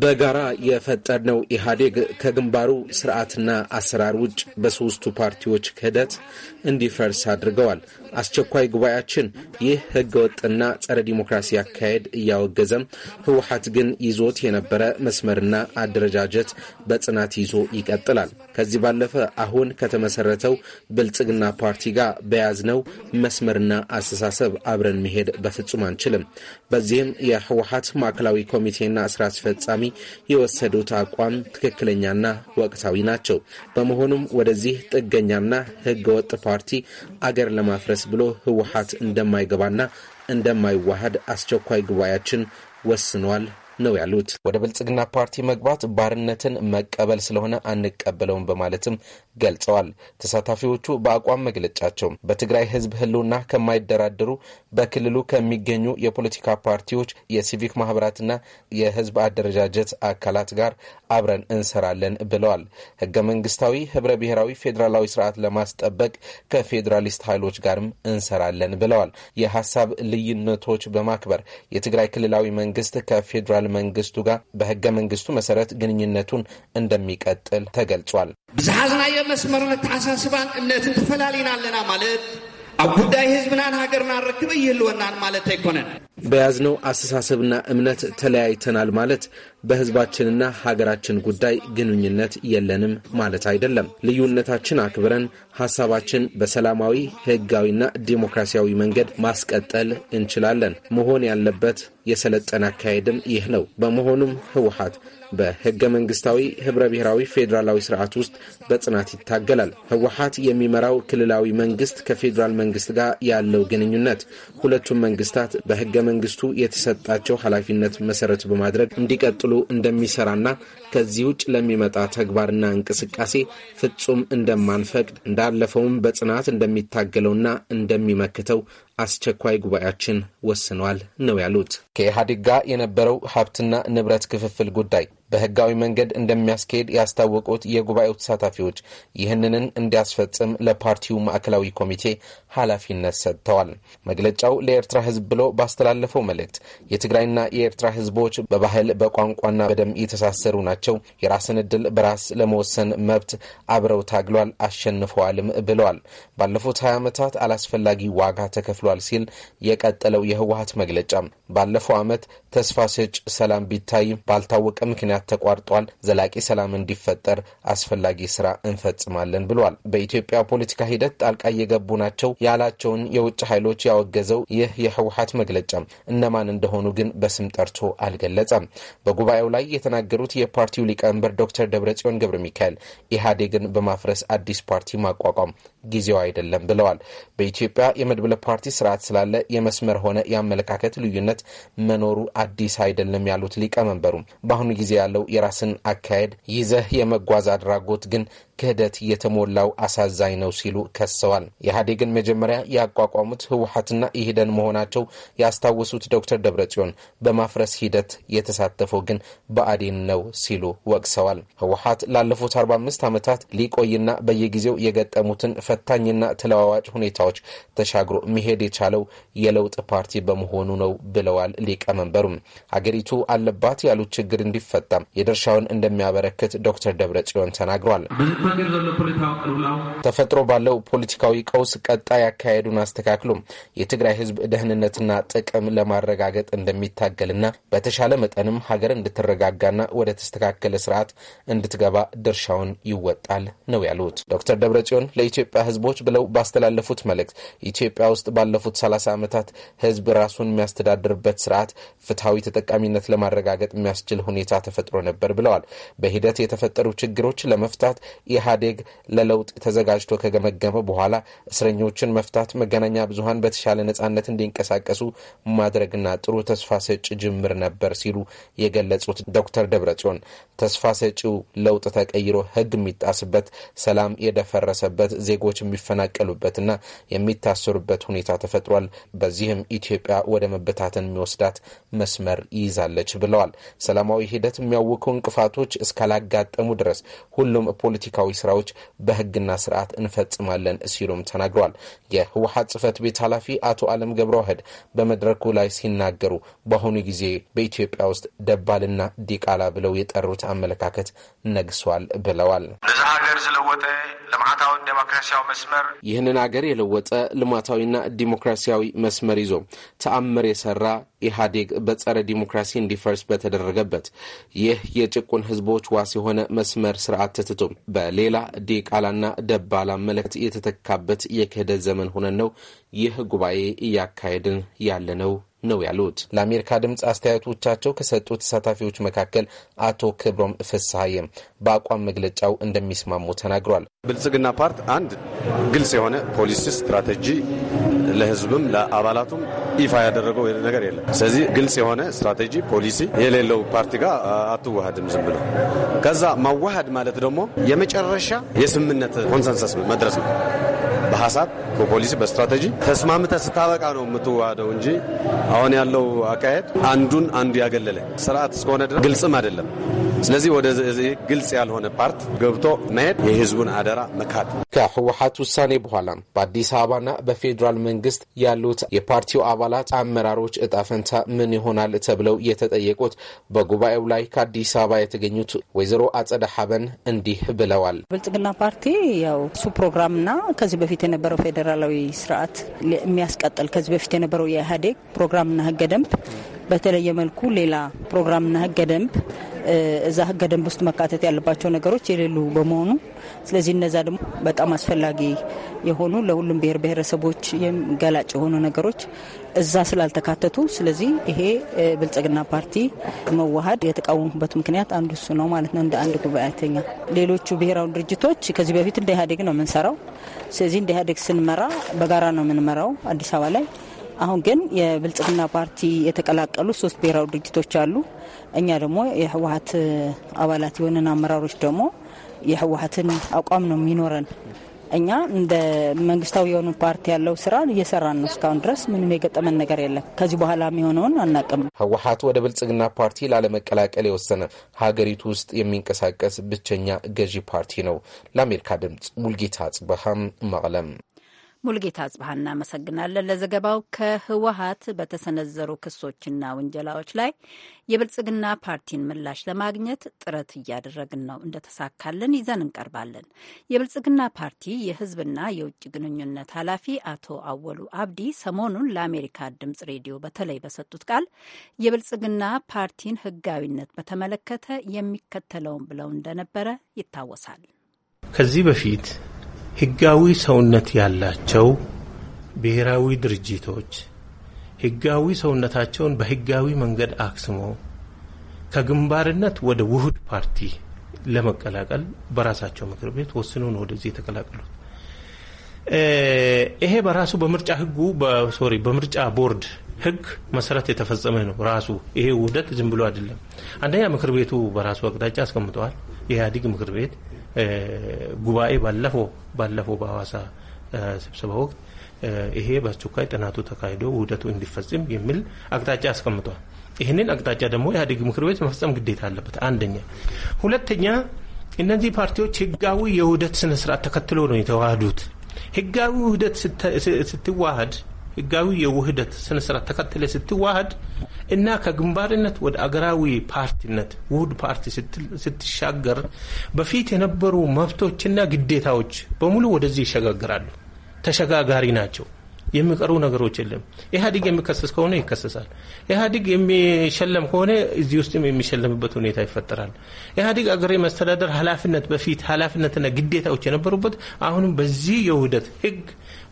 በጋራ የፈጠርነው ኢህአዴግ ከግንባሩ ስርዓትና አሰራር ውጭ በሶስቱ ፓርቲዎች ክህደት እንዲፈርስ አድርገዋል። አስቸኳይ ጉባኤያችን ይህ ህገወጥና ጸረ ዲሞክራሲ አካሄድ እያወገዘም ህወሀት ግን ይዞት የነበረ መስመርና አደረጃጀት በጽናት ይዞ ይቀጥላል። ከዚህ ባለፈ አሁን ከተመሰረተው ብልጽግና ፓርቲ ጋር በያዝነው መስመርና አስተሳሰብ አብረን መሄድ በፍጹም አንችልም። በዚህም የህወሀት ማዕከላዊ ኮሚቴና ስራ አስፈጻሚ ተቃዋሚ የወሰዱት አቋም ትክክለኛና ወቅታዊ ናቸው። በመሆኑም ወደዚህ ጥገኛና ህገወጥ ፓርቲ አገር ለማፍረስ ብሎ ህወሀት እንደማይገባና እንደማይዋሃድ አስቸኳይ ጉባኤያችን ወስኗል ነው ያሉት። ወደ ብልጽግና ፓርቲ መግባት ባርነትን መቀበል ስለሆነ አንቀበለውም በማለትም ገልጸዋል። ተሳታፊዎቹ በአቋም መግለጫቸው በትግራይ ህዝብ ህልውና ከማይደራደሩ በክልሉ ከሚገኙ የፖለቲካ ፓርቲዎች፣ የሲቪክ ማህበራትና የህዝብ አደረጃጀት አካላት ጋር አብረን እንሰራለን ብለዋል። ህገ መንግስታዊ ህብረ ብሔራዊ ፌዴራላዊ ስርዓት ለማስጠበቅ ከፌዴራሊስት ኃይሎች ጋርም እንሰራለን ብለዋል። የሀሳብ ልዩነቶች በማክበር የትግራይ ክልላዊ መንግስት ከፌዴራል መንግስቱ ጋር በህገ መንግስቱ መሰረት ግንኙነቱን እንደሚቀጥል ተገልጿል። መስመር ተሓሳስባን እምነትን ተፈላለዩና ኣለና ማለት ኣብ ጉዳይ ህዝብናን ሃገርናን ረክበ ይህልወናን ማለት ኣይኮነን በያዝነው አስተሳሰብና እምነት ተለያይተናል ማለት በህዝባችንና ሀገራችን ጉዳይ ግንኙነት የለንም ማለት አይደለም። ልዩነታችን አክብረን ሀሳባችን በሰላማዊ ህጋዊና ዲሞክራሲያዊ መንገድ ማስቀጠል እንችላለን። መሆን ያለበት የሰለጠነ አካሄድም ይህ ነው። በመሆኑም ህወሀት በህገ መንግስታዊ ህብረ ብሔራዊ ፌዴራላዊ ስርዓት ውስጥ በጽናት ይታገላል። ህወሀት የሚመራው ክልላዊ መንግስት ከፌዴራል መንግስት ጋር ያለው ግንኙነት ሁለቱም መንግስታት በህገ መንግስቱ የተሰጣቸው ኃላፊነት መሰረት በማድረግ እንዲቀጥሉ እንደሚሰራና ከዚህ ውጭ ለሚመጣ ተግባርና እንቅስቃሴ ፍጹም እንደማንፈቅድ እንዳለፈውም በጽናት እንደሚታገለውና እንደሚመክተው አስቸኳይ ጉባኤያችን ወስኗል ነው ያሉት። ከኢህአዴግ ጋር የነበረው ሀብትና ንብረት ክፍፍል ጉዳይ በህጋዊ መንገድ እንደሚያስካሄድ ያስታወቁት የጉባኤው ተሳታፊዎች ይህንንን እንዲያስፈጽም ለፓርቲው ማዕከላዊ ኮሚቴ ኃላፊነት ሰጥተዋል። መግለጫው ለኤርትራ ህዝብ ብሎ ባስተላለፈው መልእክት የትግራይና የኤርትራ ህዝቦች በባህል በቋንቋና በደም የተሳሰሩ ናቸው። የራስን እድል በራስ ለመወሰን መብት አብረው ታግሏል፣ አሸንፈዋልም ብለዋል። ባለፉት 20 ዓመታት አላስፈላጊ ዋጋ ተከፍሏል ሲል የቀጠለው የህወሀት መግለጫ ባለፈው ዓመት ተስፋ ሰጭ ሰላም ቢታይ ባልታወቀ ምክንያት ግጭት ተቋርጧል። ዘላቂ ሰላም እንዲፈጠር አስፈላጊ ስራ እንፈጽማለን ብሏል። በኢትዮጵያ ፖለቲካ ሂደት ጣልቃ እየገቡ ናቸው ያላቸውን የውጭ ኃይሎች ያወገዘው ይህ የህወሀት መግለጫ እነማን እንደሆኑ ግን በስም ጠርቶ አልገለጸም። በጉባኤው ላይ የተናገሩት የፓርቲው ሊቀመንበር ዶክተር ደብረጽዮን ገብረ ሚካኤል ኢህአዴግን በማፍረስ አዲስ ፓርቲ ማቋቋም ጊዜው አይደለም ብለዋል። በኢትዮጵያ የመድብለ ፓርቲ ስርዓት ስላለ የመስመር ሆነ የአመለካከት ልዩነት መኖሩ አዲስ አይደለም ያሉት ሊቀመንበሩም በአሁኑ ጊዜ ያለው የራስን አካሄድ ይዘህ የመጓዝ አድራጎት ግን ክህደት የተሞላው አሳዛኝ ነው ሲሉ ከሰዋል። ኢህአዴግን መጀመሪያ ያቋቋሙት ህወሀትና ኢህደን መሆናቸው ያስታወሱት ዶክተር ደብረጽዮን በማፍረስ ሂደት የተሳተፈው ግን ብአዴን ነው ሲሉ ወቅሰዋል። ህወሀት ላለፉት 45 ዓመታት ሊቆይና በየጊዜው የገጠሙትን ፈታኝና ተለዋዋጭ ሁኔታዎች ተሻግሮ መሄድ የቻለው የለውጥ ፓርቲ በመሆኑ ነው ብለዋል። ሊቀመንበሩም አገሪቱ አለባት ያሉት ችግር እንዲፈታም የድርሻውን እንደሚያበረክት ዶክተር ደብረ ጽዮን ተናግሯል። ተፈጥሮ ባለው ፖለቲካዊ ቀውስ ቀጣይ አካሄዱን አስተካክሉም የትግራይ ህዝብ ደህንነትና ጥቅም ለማረጋገጥ እንደሚታገልና በተሻለ መጠንም ሀገር እንድትረጋጋና ወደ ተስተካከለ ስርዓት እንድትገባ ድርሻውን ይወጣል ነው ያሉት ዶክተር ደብረጽዮን ለኢትዮጵያ ህዝቦች ብለው ባስተላለፉት መልእክት ኢትዮጵያ ውስጥ ባለፉት 30 ዓመታት ህዝብ ራሱን የሚያስተዳድርበት ስርዓት ፍትሐዊ ተጠቃሚነት ለማረጋገጥ የሚያስችል ሁኔታ ተፈጥሮ ነበር ብለዋል። በሂደት የተፈጠሩ ችግሮች ለመፍታት ኢህአዴግ ለለውጥ ተዘጋጅቶ ከገመገመ በኋላ እስረኞችን መፍታት፣ መገናኛ ብዙሀን በተሻለ ነጻነት እንዲንቀሳቀሱ ማድረግና ጥሩ ተስፋ ሰጭ ጅምር ነበር ሲሉ የገለጹት ዶክተር ደብረጽዮን ተስፋ ሰጪው ለውጥ ተቀይሮ ህግ የሚጣስበት፣ ሰላም የደፈረሰበት፣ ዜጎች የሚፈናቀሉበትና የሚታሰሩበት ሁኔታ ተፈጥሯል። በዚህም ኢትዮጵያ ወደ መበታተን የሚወስዳት መስመር ይይዛለች ብለዋል። ሰላማዊ ሂደት የሚያውኩ እንቅፋቶች እስካላጋጠሙ ድረስ ሁሉም ፖለቲካ መሰረታዊ ስራዎች በህግና ስርዓት እንፈጽማለን ሲሉም ተናግረዋል። የህወሀት ጽህፈት ቤት ኃላፊ አቶ አለም ገብረ ዋህድ በመድረኩ ላይ ሲናገሩ በአሁኑ ጊዜ በኢትዮጵያ ውስጥ ደባልና ዲቃላ ብለው የጠሩት አመለካከት ነግሷል ብለዋል። እዚ ሀገር ዝለወጠ ዴሞክራሲያዊ መስመር ይህንን ሀገር የለወጠ ልማታዊና ዲሞክራሲያዊ መስመር ይዞ ተአምር የሰራ ኢህአዴግ በጸረ ዲሞክራሲ እንዲፈርስ በተደረገበት ይህ የጭቁን ህዝቦች ዋስ የሆነ መስመር ስርዓት ተትቶ በሌላ ዴቃላና ደባላ መለከት የተተካበት የክህደት ዘመን ሆነን ነው ይህ ጉባኤ እያካሄድን ያለ ነው ነው ያሉት። ለአሜሪካ ድምፅ አስተያየቶቻቸው ከሰጡ ተሳታፊዎች መካከል አቶ ክብሮም ፍስሐዬም በአቋም መግለጫው እንደሚስማሙ ተናግሯል። ብልጽግና ፓርቲ አንድ ግልጽ የሆነ ፖሊሲ፣ ስትራቴጂ ለህዝብም ለአባላቱም ይፋ ያደረገው ነገር የለም። ስለዚህ ግልጽ የሆነ ስትራቴጂ ፖሊሲ የሌለው ፓርቲ ጋር አትዋሃድም ዝም ብለው። ከዛ ማዋሃድ ማለት ደግሞ የመጨረሻ የስምምነት ኮንሰንሰስ መድረስ ነው። በሀሳብ በፖሊሲ በስትራቴጂ ተስማምተ ስታበቃ ነው የምትዋደው እንጂ አሁን ያለው አካሄድ አንዱን አንዱ ያገለለ ስርዓት እስከሆነ ድረስ ግልጽም አይደለም። ስለዚህ ወደዚህ ግልጽ ያልሆነ ፓርት ገብቶ መሄድ የህዝቡን አደራ መካድ። ከህወሀት ውሳኔ በኋላ በአዲስ አበባና በፌዴራል መንግስት ያሉት የፓርቲው አባላት አመራሮች እጣ ፈንታ ምን ይሆናል ተብለው የተጠየቁት በጉባኤው ላይ ከአዲስ አበባ የተገኙት ወይዘሮ አጸደ ሀበን እንዲህ ብለዋል። ብልጽግና ፓርቲ ያው እሱ ፕሮግራምና ከዚህ በፊት የነበረው ፌዴራላዊ ስርዓት የሚያስቀጥል ከዚህ በፊት የነበረው የኢህአዴግ ፕሮግራምና ህገ ደንብ በተለየ መልኩ ሌላ ፕሮግራምና ህገ ደንብ እዛ ህገ ደንብ ውስጥ መካተት ያለባቸው ነገሮች የሌሉ በመሆኑ ስለዚህ እነዛ ደግሞ በጣም አስፈላጊ የሆኑ ለሁሉም ብሔር ብሔረሰቦች ገላጭ የሆኑ ነገሮች እዛ ስላልተካተቱ ስለዚህ ይሄ ብልጽግና ፓርቲ መዋሀድ የተቃወሙበት ምክንያት አንዱ እሱ ነው ማለት ነው። እንደ አንድ ጉባኤተኛ ሌሎቹ ብሔራዊ ድርጅቶች ከዚህ በፊት እንደ ኢህአዴግ ነው የምንሰራው። ስለዚህ እንደ ኢህአዴግ ስንመራ በጋራ ነው የምንመራው አዲስ አበባ ላይ። አሁን ግን የብልጽግና ፓርቲ የተቀላቀሉ ሶስት ብሔራዊ ድርጅቶች አሉ። እኛ ደግሞ የህወሀት አባላት የሆንን አመራሮች ደግሞ የህወሀትን አቋም ነው የሚኖረን። እኛ እንደ መንግስታዊ የሆኑ ፓርቲ ያለው ስራ እየሰራን ነው። እስካሁን ድረስ ምንም የገጠመን ነገር የለም። ከዚህ በኋላ የሚሆነውን አናቅም። ህወሀት ወደ ብልጽግና ፓርቲ ላለመቀላቀል የወሰነ ሀገሪቱ ውስጥ የሚንቀሳቀስ ብቸኛ ገዢ ፓርቲ ነው። ለአሜሪካ ድምፅ ሙልጌታ ጽበሃም መቀለም ሙልጌታ አጽባህ እናመሰግናለን ለዘገባው። ከህወሀት በተሰነዘሩ ክሶችና ውንጀላዎች ላይ የብልጽግና ፓርቲን ምላሽ ለማግኘት ጥረት እያደረግን ነው። እንደተሳካልን ይዘን እንቀርባለን። የብልጽግና ፓርቲ የህዝብና የውጭ ግንኙነት ኃላፊ አቶ አወሉ አብዲ ሰሞኑን ለአሜሪካ ድምጽ ሬዲዮ በተለይ በሰጡት ቃል የብልጽግና ፓርቲን ህጋዊነት በተመለከተ የሚከተለውን ብለው እንደነበረ ይታወሳል። ከዚህ በፊት ህጋዊ ሰውነት ያላቸው ብሔራዊ ድርጅቶች ህጋዊ ሰውነታቸውን በህጋዊ መንገድ አክስሞ ከግንባርነት ወደ ውህድ ፓርቲ ለመቀላቀል በራሳቸው ምክር ቤት ወስኖ ነው ወደዚህ የተቀላቀሉት። ይሄ በራሱ በምርጫ ህጉ ሶሪ በምርጫ ቦርድ ህግ መሰረት የተፈጸመ ነው። ራሱ ይሄ ውህደት ዝም ብሎ አይደለም። አንደኛ ምክር ቤቱ በራሱ አቅጣጫ አስቀምጠዋል። የኢህአዴግ ምክር ቤት ጉባኤ ባለፈው ባለፈው በሐዋሳ ስብሰባ ወቅት ይሄ በአስቸኳይ ጥናቱ ተካሂዶ ውህደቱ እንዲፈጽም የሚል አቅጣጫ አስቀምጧል። ይህንን አቅጣጫ ደግሞ ኢህአዴግ ምክር ቤት መፈጸም ግዴታ አለበት። አንደኛ። ሁለተኛ እነዚህ ፓርቲዎች ህጋዊ የውህደት ስነ ስርዓት ተከትሎ ነው የተዋህዱት። ህጋዊ ውህደት ስትዋሃድ ህጋዊ የውህደት ስነ ስርዓት ተከትለ ስትዋሃድ እና ከግንባርነት ወደ አገራዊ ፓርቲነት ውህድ ፓርቲ ስትሻገር በፊት የነበሩ መብቶችና ግዴታዎች በሙሉ ወደዚህ ይሸጋግራሉ። ተሸጋጋሪ ናቸው። የሚቀሩ ነገሮች የለም። ኢህአዴግ የሚከሰስ ከሆነ ይከሰሳል። ኢህአዴግ የሚሸለም ከሆነ እዚህ ውስጥም የሚሸለምበት ሁኔታ ይፈጠራል። ኢህአዴግ አገሬ መስተዳደር ኃላፊነት በፊት ኃላፊነትና ግዴታዎች የነበሩበት አሁንም በዚህ የውህደት ህግ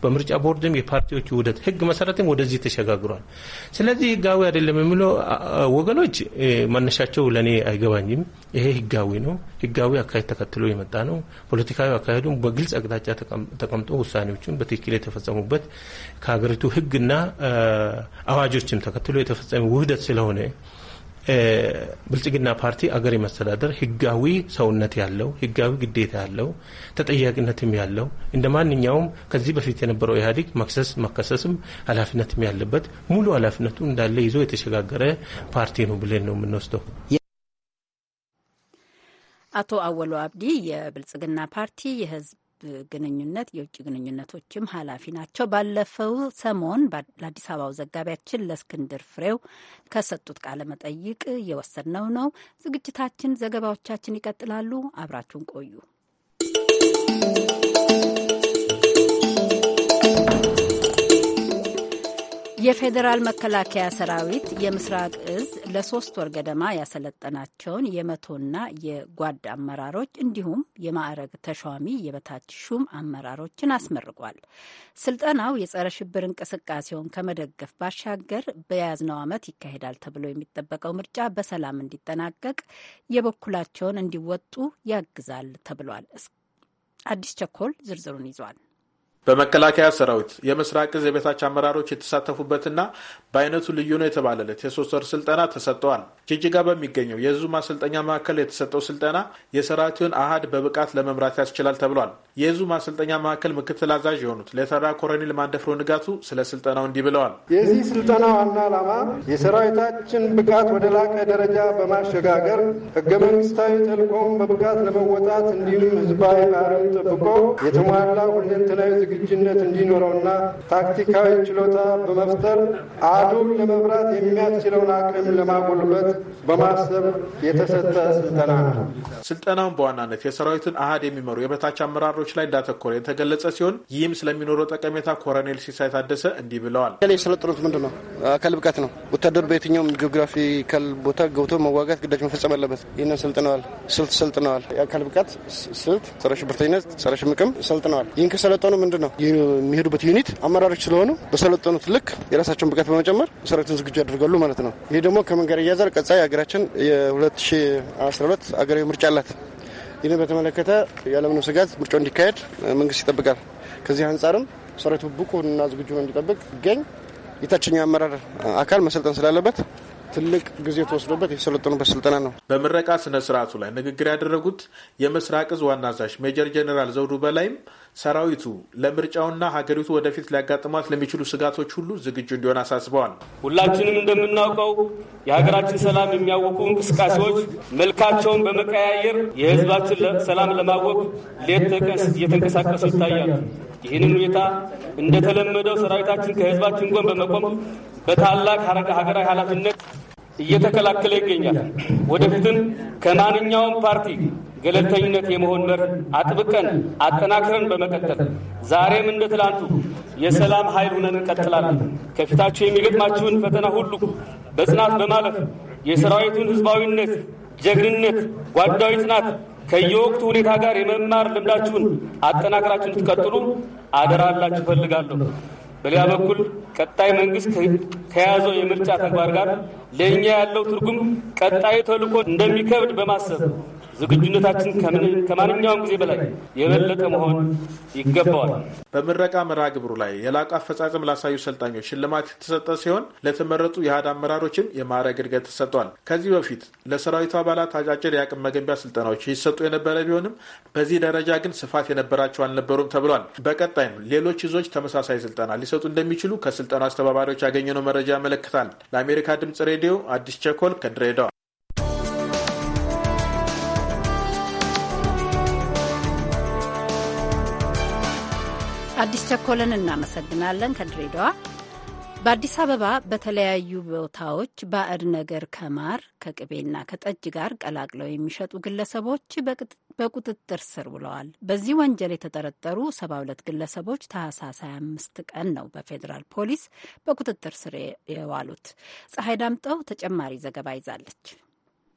በምርጫ ቦርድም የፓርቲዎች ውህደት ህግ መሰረትም ወደዚህ ተሸጋግሯል። ስለዚህ ህጋዊ አይደለም የሚለው ወገኖች መነሻቸው ለእኔ አይገባኝም። ይሄ ህጋዊ ነው። ህጋዊ አካሄድ ተከትሎ የመጣ ነው። ፖለቲካዊ አካሄዱም በግልጽ አቅጣጫ ተቀምጦ ውሳኔዎችን በትክክል የተፈጸሙበት ከሀገሪቱ ህግና አዋጆችም ተከትሎ የተፈጸመ ውህደት ስለሆነ ብልጽግና ፓርቲ አገር የመስተዳደር ህጋዊ ሰውነት ያለው ህጋዊ ግዴታ ያለው ተጠያቂነትም ያለው እንደ ማንኛውም ከዚህ በፊት የነበረው ኢህአዴግ መክሰስ መከሰስም ኃላፊነትም ያለበት ሙሉ ኃላፊነቱ እንዳለ ይዞ የተሸጋገረ ፓርቲ ነው ብለን ነው የምንወስደው። አቶ አወሎ አብዲ የብልጽግና ፓርቲ የህዝብ ግንኙነት የውጭ ግንኙነቶችም ኃላፊ ናቸው። ባለፈው ሰሞን ለአዲስ አበባው ዘጋቢያችን ለእስክንድር ፍሬው ከሰጡት ቃለ መጠይቅ የወሰድነው ነው። ዝግጅታችን፣ ዘገባዎቻችን ይቀጥላሉ። አብራችሁን ቆዩ። የፌዴራል መከላከያ ሰራዊት የምስራቅ እዝ ለሶስት ወር ገደማ ያሰለጠናቸውን የመቶና የጓድ አመራሮች እንዲሁም የማዕረግ ተሿሚ የበታች ሹም አመራሮችን አስመርቋል። ስልጠናው የጸረ ሽብር እንቅስቃሴውን ከመደገፍ ባሻገር በያዝነው ዓመት ይካሄዳል ተብሎ የሚጠበቀው ምርጫ በሰላም እንዲጠናቀቅ የበኩላቸውን እንዲወጡ ያግዛል ተብሏል። አዲስ ቸኮል ዝርዝሩን ይዟል። በመከላከያ ሰራዊት የምስራቅ እዝ የበታች አመራሮች የተሳተፉበትና በአይነቱ ልዩ ነው የተባለለት የሶስት ወር ስልጠና ተሰጥተዋል። ጅጅጋ በሚገኘው የህዝቡ ማሰልጠኛ ማዕከል የተሰጠው ስልጠና የሰራዊቱን አሃድ በብቃት ለመምራት ያስችላል ተብሏል። የህዝቡ ማሰልጠኛ ማዕከል ምክትል አዛዥ የሆኑት ለተራ ኮሎኔል ማንደፍሮ ንጋቱ ስለ ስልጠናው እንዲህ ብለዋል። የዚህ ስልጠና ዋና ዓላማ የሰራዊታችን ብቃት ወደ ላቀ ደረጃ በማሸጋገር ህገ መንግስታዊ ተልዕኮም በብቃት ለመወጣት እንዲሁም ህዝባዊ ባህሪውን ጠብቆ የተሟላ ሁለንተናዊ ዝግጁነት እንዲኖረውና ታክቲካዊ ችሎታ በመፍጠር አዱን ለመብራት የሚያስችለውን አቅም ለማጎልበት በማሰብ የተሰጠ ስልጠና ነው። ስልጠናውን በዋናነት የሰራዊትን አሃድ የሚመሩ የበታች አመራሮች ላይ እንዳተኮረ የተገለጸ ሲሆን ይህም ስለሚኖረው ጠቀሜታ ኮረኔል ሲሳይ ታደሰ እንዲህ ብለዋል። የሰለጠኑት ምንድን ነው? አካል ብቃት ነው። ወታደሩ በየትኛውም ጂኦግራፊካል ቦታ ገብቶ መዋጋት ግዳጅ መፈጸም አለበት። ይህንን ሰልጥነዋል። ስልት ሰልጥነዋል። የአካል ብቃት ስልት፣ ጸረ ሽብርተኝነት፣ ጸረ ሽምቅም ሰልጥነዋል። ይህን ከሰለጠኑ ምንድን ነው የሚሄዱበት ዩኒት አመራሮች ስለሆኑ በሰለጠኑት ልክ የራሳቸውን ብቃት በመጨመር ሰራዊትን ዝግጁ ያደርጋሉ ማለት ነው። ይህ ደግሞ ከመንገድ እያዘር እያያዛል? ሀገራችን የ2012 አገራዊ ምርጫ አላት። ይህን በተመለከተ ያለምንም ስጋት ምርጫው እንዲካሄድ መንግስት ይጠብቃል። ከዚህ አንጻርም ሰራዊቱ ብቁና ዝግጁ ነው እንዲጠብቅ ይገኝ የታችኛው አመራር አካል መሰልጠን ስላለበት ትልቅ ጊዜ ተወስዶበት የሰለጠኑበት ስልጠና ነው። በምረቃ ስነ ስርዓቱ ላይ ንግግር ያደረጉት የምስራቅ እዝ ዋና አዛዥ ሜጀር ጀኔራል ዘውዱ በላይም ሰራዊቱ ለምርጫውና ሀገሪቱ ወደፊት ሊያጋጥሟት ለሚችሉ ስጋቶች ሁሉ ዝግጁ እንዲሆን አሳስበዋል። ሁላችንም እንደምናውቀው የሀገራችን ሰላም የሚያውቁ እንቅስቃሴዎች መልካቸውን በመቀያየር የህዝባችን ሰላም ለማወቅ ሌት ተቀን እየተንቀሳቀሱ ይታያሉ። ይህንን ሁኔታ እንደተለመደው ሰራዊታችን ከህዝባችን ጎን በመቆም በታላቅ ሀገራዊ ኃላፊነት እየተከላከለ ይገኛል። ወደፊትም ከማንኛውም ፓርቲ ገለልተኝነት የመሆን መርህ አጥብቀን አጠናክረን በመቀጠል ዛሬም እንደ ትላንቱ የሰላም ኃይል ሁነን እንቀጥላለን። ከፊታችሁ የሚገጥማችሁን ፈተና ሁሉ በጽናት በማለፍ የሰራዊቱን ህዝባዊነት፣ ጀግንነት፣ ጓዳዊ ጽናት ከየወቅቱ ሁኔታ ጋር የመማር ልምዳችሁን አጠናክራችሁ እንድትቀጥሉ አደራላችሁ ፈልጋለሁ። በሌላ በኩል ቀጣይ መንግስት ከያዘው የምርጫ ተግባር ጋር ለእኛ ያለው ትርጉም ቀጣዩ ተልእኮ እንደሚከብድ በማሰብ ዝግጁነታችን ከማንኛውም ጊዜ በላይ የበለጠ መሆን ይገባዋል። በምረቃ መርሃ ግብሩ ላይ የላቀ አፈጻጸም ላሳዩ ሰልጣኞች ሽልማት የተሰጠ ሲሆን ለተመረጡ የህድ አመራሮችም የማዕረግ እድገት ተሰጥቷል። ከዚህ በፊት ለሰራዊቱ አባላት አጫጭር የአቅም መገንቢያ ስልጠናዎች ይሰጡ የነበረ ቢሆንም በዚህ ደረጃ ግን ስፋት የነበራቸው አልነበሩም ተብሏል። በቀጣይም ሌሎች ይዞች ተመሳሳይ ስልጠና ሊሰጡ እንደሚችሉ ከስልጠና አስተባባሪዎች ያገኘነው መረጃ ያመለክታል። ለአሜሪካ ድምጽ ሬዲዮ አዲስ ቸኮል ከድሬዳዋ አዲስ ቸኮልን እናመሰግናለን ከድሬዳዋ። በአዲስ አበባ በተለያዩ ቦታዎች ባዕድ ነገር ከማር ከቅቤና ከጠጅ ጋር ቀላቅለው የሚሸጡ ግለሰቦች በቁጥጥር ስር ውለዋል። በዚህ ወንጀል የተጠረጠሩ 72 ግለሰቦች ታህሳስ 25 ቀን ነው በፌዴራል ፖሊስ በቁጥጥር ስር የዋሉት። ፀሐይ ዳምጠው ተጨማሪ ዘገባ ይዛለች።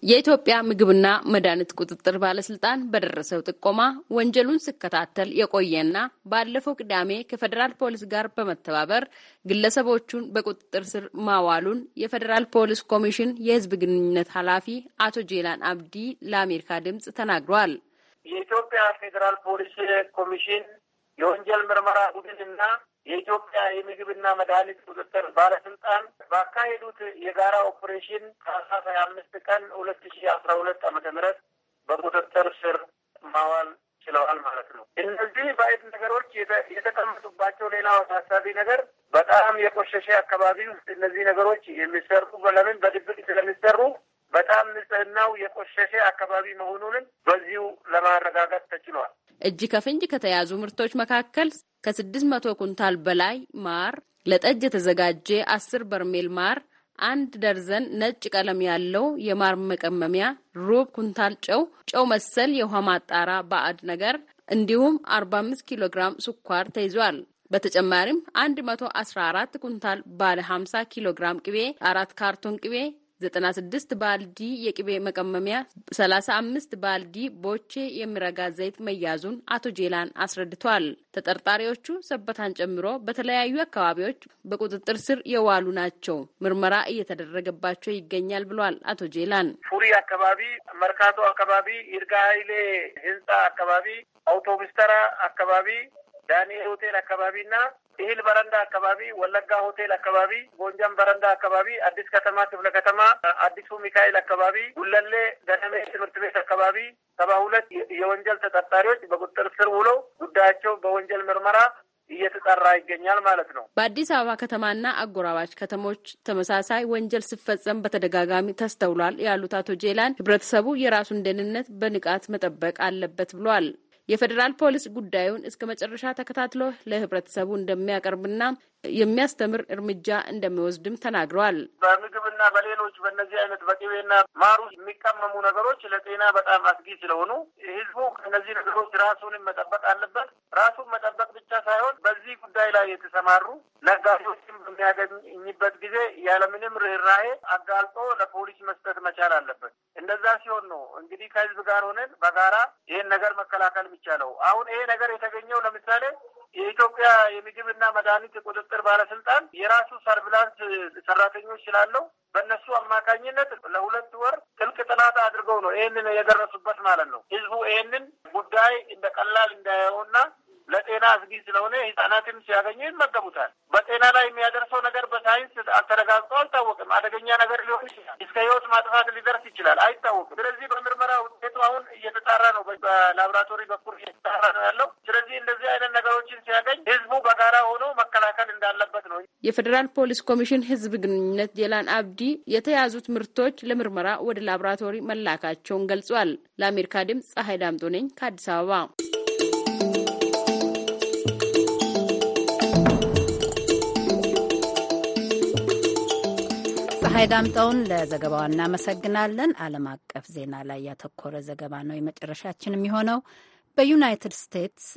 የኢትዮጵያ ምግብና መድኃኒት ቁጥጥር ባለስልጣን በደረሰው ጥቆማ ወንጀሉን ስከታተል የቆየና ባለፈው ቅዳሜ ከፌዴራል ፖሊስ ጋር በመተባበር ግለሰቦቹን በቁጥጥር ስር ማዋሉን የፌዴራል ፖሊስ ኮሚሽን የሕዝብ ግንኙነት ኃላፊ አቶ ጄላን አብዲ ለአሜሪካ ድምጽ ተናግረዋል። የኢትዮጵያ ፌዴራል ፖሊስ ኮሚሽን የወንጀል ምርመራ ቡድንና የኢትዮጵያ የምግብና መድኃኒት ቁጥጥር ባለስልጣን ባካሄዱት የጋራ ኦፕሬሽን ታህሳስ ሀያ አምስት ቀን ሁለት ሺ አስራ ሁለት አመተ ምህረት በቁጥጥር ስር ማዋል ችለዋል ማለት ነው። እነዚህ ባይት ነገሮች የተቀመጡባቸው ሌላው አሳሳቢ ነገር በጣም የቆሸሸ አካባቢ ውስጥ እነዚህ ነገሮች የሚሰሩ ለምን በድብቅ ስለሚሰሩ በጣም ንጽህናው የቆሸሸ አካባቢ መሆኑንም በዚሁ ለማረጋገጥ ተችሏል። እጅ ከፍንጅ ከተያዙ ምርቶች መካከል ከ600 ኩንታል በላይ ማር፣ ለጠጅ የተዘጋጀ 10 በርሜል ማር፣ አንድ ደርዘን ነጭ ቀለም ያለው የማር መቀመሚያ፣ ሩብ ኩንታል ጨው፣ ጨው መሰል የውሃ ማጣራ ባዕድ ነገር እንዲሁም 45 ኪሎ ግራም ስኳር ተይዟል። በተጨማሪም 114 ኩንታል ባለ 50 ኪሎ ግራም ቅቤ፣ አራት ካርቶን ቅቤ 96 ባልዲ የቅቤ መቀመሚያ፣ አምስት ባልዲ ቦቼ የሚረጋ ዘይት መያዙን አቶ ጄላን አስረድቷል። ተጠርጣሪዎቹ ሰበታን ጨምሮ በተለያዩ አካባቢዎች በቁጥጥር ስር የዋሉ ናቸው። ምርመራ እየተደረገባቸው ይገኛል ብሏል አቶ ጄላን። ፉሪ አካባቢ፣ መርካቶ አካባቢ፣ ይርጋ ኃይሌ ህንፃ አካባቢ፣ አውቶቡስ ተራ አካባቢ ዳንኤል ሆቴል አካባቢና እህል በረንዳ አካባቢ፣ ወለጋ ሆቴል አካባቢ፣ ጎንጃም በረንዳ አካባቢ፣ አዲስ ከተማ ክፍለ ከተማ፣ አዲሱ ሚካኤል አካባቢ፣ ጉለሌ ገነሜ ትምህርት ቤት አካባቢ ሰባ ሁለት የወንጀል ተጠርጣሪዎች በቁጥር ስር ውለው ጉዳያቸው በወንጀል ምርመራ እየተጠራ ይገኛል ማለት ነው። በአዲስ አበባ ከተማና አጎራባች ከተሞች ተመሳሳይ ወንጀል ሲፈጸም በተደጋጋሚ ተስተውሏል ያሉት አቶ ጄላን ህብረተሰቡ የራሱን ደህንነት በንቃት መጠበቅ አለበት ብሏል። የፌዴራል ፖሊስ ጉዳዩን እስከ መጨረሻ ተከታትሎ ለህብረተሰቡ እንደሚያቀርብና የሚያስተምር እርምጃ እንደሚወስድም ተናግረዋል። በምግብና በሌሎች በእነዚህ አይነት በቅቤና ማሩ የሚቀመሙ ነገሮች ለጤና በጣም አስጊ ስለሆኑ ህዝቡ ከእነዚህ ነገሮች ራሱንም መጠበቅ አለበት። ራሱን መጠበቅ ብቻ ሳይሆን በዚህ ጉዳይ ላይ የተሰማሩ ነጋዴዎችን በሚያገኝበት ጊዜ ያለምንም ርኅራሄ አጋልጦ ለፖሊስ መስጠት መቻል አለበት። እንደዛ ሲሆን ነው እንግዲህ ከህዝብ ጋር ሆነን በጋራ ይህን ነገር መከላከል የሚቻለው። አሁን ይሄ ነገር የተገኘው ለምሳሌ የኢትዮጵያ የምግብና መድኃኒት ቁጥጥር ባለስልጣን የራሱ ሰርቪላንስ ሰራተኞች ስላለው በእነሱ አማካኝነት ለሁለት ወር ጥልቅ ጥናት አድርገው ነው ይህንን የደረሱበት ማለት ነው። ህዝቡ ይህንን ጉዳይ እንደ ቀላል እንዳያየውና ለጤና አስጊ ስለሆነ ህጻናትም ሲያገኙ ይመገቡታል። በጤና ላይ የሚያደርሰው ነገር በሳይንስ ተረጋግጦ አልታወቅም። አደገኛ ነገር ሊሆን ይችላል። እስከ ህይወት ማጥፋት ሊደርስ ይችላል፣ አይታወቅም። ስለዚህ በምርመራ ውጤቱ አሁን እየተጣራ ነው፣ በላቦራቶሪ በኩል እየተጣራ ነው ያለው። ስለዚህ እንደዚህ አይነት ነገሮችን ሲያገኝ ህዝቡ በጋራ ሆኖ መከላከል እንዳለበት ነው። የፌዴራል ፖሊስ ኮሚሽን ህዝብ ግንኙነት ጄላን አብዲ የተያዙት ምርቶች ለምርመራ ወደ ላቦራቶሪ መላካቸውን ገልጿል። ለአሜሪካ ድምፅ ፀሐይ ዳምጦ ነኝ ከአዲስ አበባ ፀሐይ ዳምጠውን ለዘገባዋ እናመሰግናለን። ዓለም አቀፍ ዜና ላይ ያተኮረ ዘገባ ነው የመጨረሻችን የሚሆነው። በዩናይትድ ስቴትስ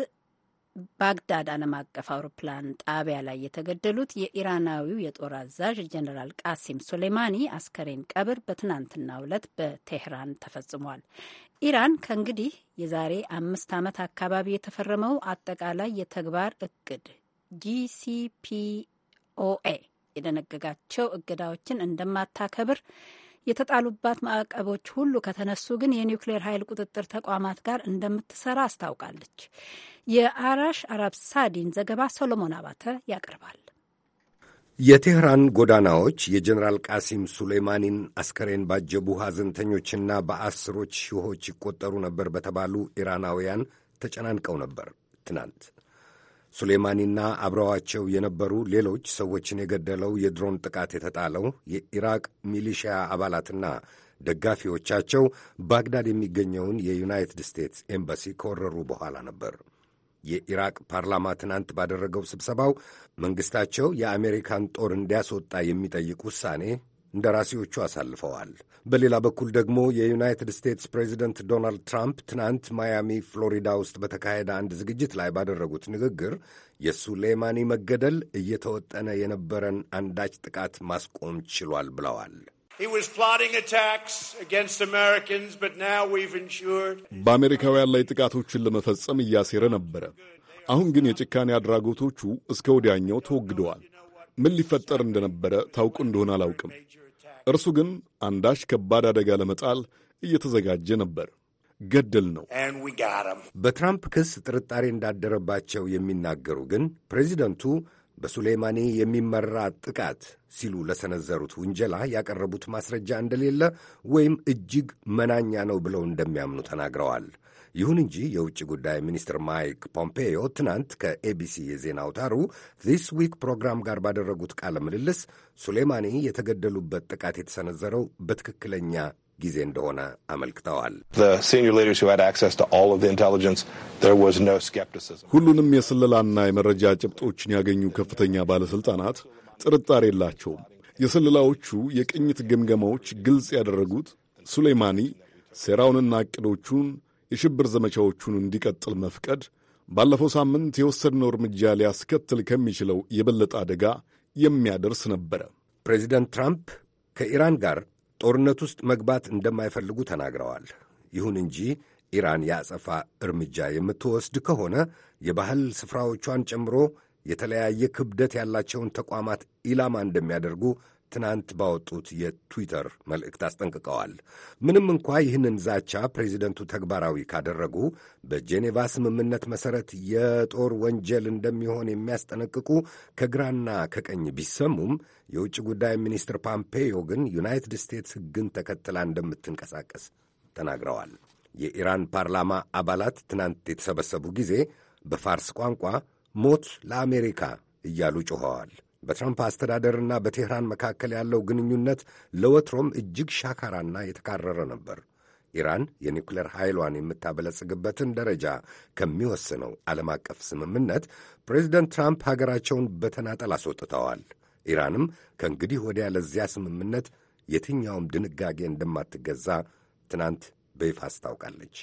ባግዳድ ዓለም አቀፍ አውሮፕላን ጣቢያ ላይ የተገደሉት የኢራናዊው የጦር አዛዥ ጀኔራል ቃሲም ሱሌማኒ አስከሬን ቀብር በትናንትናው ዕለት በቴህራን ተፈጽሟል። ኢራን ከእንግዲህ የዛሬ አምስት ዓመት አካባቢ የተፈረመው አጠቃላይ የተግባር እቅድ ጂሲፒኦኤ የደነገጋቸው እገዳዎችን እንደማታከብር የተጣሉባት ማዕቀቦች ሁሉ ከተነሱ ግን የኒውክሌር ኃይል ቁጥጥር ተቋማት ጋር እንደምትሰራ አስታውቃለች። የአራሽ አረብ ሳዲን ዘገባ ሰሎሞን አባተ ያቀርባል። የቴህራን ጎዳናዎች የጀኔራል ቃሲም ሱሌማኒን አስከሬን ባጀቡ ሐዘንተኞችና በአስሮች ሺዎች ይቆጠሩ ነበር በተባሉ ኢራናውያን ተጨናንቀው ነበር ትናንት ሱሌማኒና አብረዋቸው የነበሩ ሌሎች ሰዎችን የገደለው የድሮን ጥቃት የተጣለው የኢራቅ ሚሊሺያ አባላትና ደጋፊዎቻቸው ባግዳድ የሚገኘውን የዩናይትድ ስቴትስ ኤምባሲ ከወረሩ በኋላ ነበር። የኢራቅ ፓርላማ ትናንት ባደረገው ስብሰባው መንግሥታቸው የአሜሪካን ጦር እንዲያስወጣ የሚጠይቅ ውሳኔ እንደራሴዎቹ አሳልፈዋል። በሌላ በኩል ደግሞ የዩናይትድ ስቴትስ ፕሬዚደንት ዶናልድ ትራምፕ ትናንት ማያሚ ፍሎሪዳ ውስጥ በተካሄደ አንድ ዝግጅት ላይ ባደረጉት ንግግር የሱሌማኒ መገደል እየተወጠነ የነበረን አንዳች ጥቃት ማስቆም ችሏል ብለዋል። በአሜሪካውያን ላይ ጥቃቶችን ለመፈጸም እያሴረ ነበረ። አሁን ግን የጭካኔ አድራጎቶቹ እስከ ወዲያኛው ተወግደዋል። ምን ሊፈጠር እንደነበረ ታውቁ እንደሆነ አላውቅም። እርሱ ግን አንዳች ከባድ አደጋ ለመጣል እየተዘጋጀ ነበር። ገደል ነው። በትራምፕ ክስ ጥርጣሬ እንዳደረባቸው የሚናገሩ ግን ፕሬዚደንቱ በሱሌይማኒ የሚመራ ጥቃት ሲሉ ለሰነዘሩት ውንጀላ ያቀረቡት ማስረጃ እንደሌለ ወይም እጅግ መናኛ ነው ብለው እንደሚያምኑ ተናግረዋል። ይሁን እንጂ የውጭ ጉዳይ ሚኒስትር ማይክ ፖምፔዮ ትናንት ከኤቢሲ የዜና አውታሩ ዚስ ዊክ ፕሮግራም ጋር ባደረጉት ቃለ ምልልስ ሱሌማኒ የተገደሉበት ጥቃት የተሰነዘረው በትክክለኛ ጊዜ እንደሆነ አመልክተዋል። ሁሉንም የስለላና የመረጃ ጭብጦችን ያገኙ ከፍተኛ ባለሥልጣናት ጥርጣሬ የላቸውም። የስለላዎቹ የቅኝት ግምገማዎች ግልጽ ያደረጉት ሱሌይማኒ ሴራውንና ዕቅዶቹን የሽብር ዘመቻዎቹን እንዲቀጥል መፍቀድ ባለፈው ሳምንት የወሰድነው እርምጃ ሊያስከትል ከሚችለው የበለጠ አደጋ የሚያደርስ ነበረ። ፕሬዚደንት ትራምፕ ከኢራን ጋር ጦርነት ውስጥ መግባት እንደማይፈልጉ ተናግረዋል። ይሁን እንጂ ኢራን የአጸፋ እርምጃ የምትወስድ ከሆነ የባህል ስፍራዎቿን ጨምሮ የተለያየ ክብደት ያላቸውን ተቋማት ኢላማ እንደሚያደርጉ ትናንት ባወጡት የትዊተር መልእክት አስጠንቅቀዋል። ምንም እንኳ ይህንን ዛቻ ፕሬዚደንቱ ተግባራዊ ካደረጉ በጄኔቫ ስምምነት መሠረት የጦር ወንጀል እንደሚሆን የሚያስጠነቅቁ ከግራና ከቀኝ ቢሰሙም የውጭ ጉዳይ ሚኒስትር ፓምፔዮ ግን ዩናይትድ ስቴትስ ሕግን ተከትላ እንደምትንቀሳቀስ ተናግረዋል። የኢራን ፓርላማ አባላት ትናንት የተሰበሰቡ ጊዜ በፋርስ ቋንቋ ሞት ለአሜሪካ እያሉ ጮኸዋል። በትራምፕ አስተዳደርና በቴህራን መካከል ያለው ግንኙነት ለወትሮም እጅግ ሻካራና የተካረረ ነበር። ኢራን የኒውክሌር ኃይሏን የምታበለጽግበትን ደረጃ ከሚወስነው ዓለም አቀፍ ስምምነት ፕሬዚደንት ትራምፕ ሀገራቸውን በተናጠል አስወጥተዋል። ኢራንም ከእንግዲህ ወዲያ ለዚያ ስምምነት የትኛውም ድንጋጌ እንደማትገዛ ትናንት በይፋ አስታውቃለች።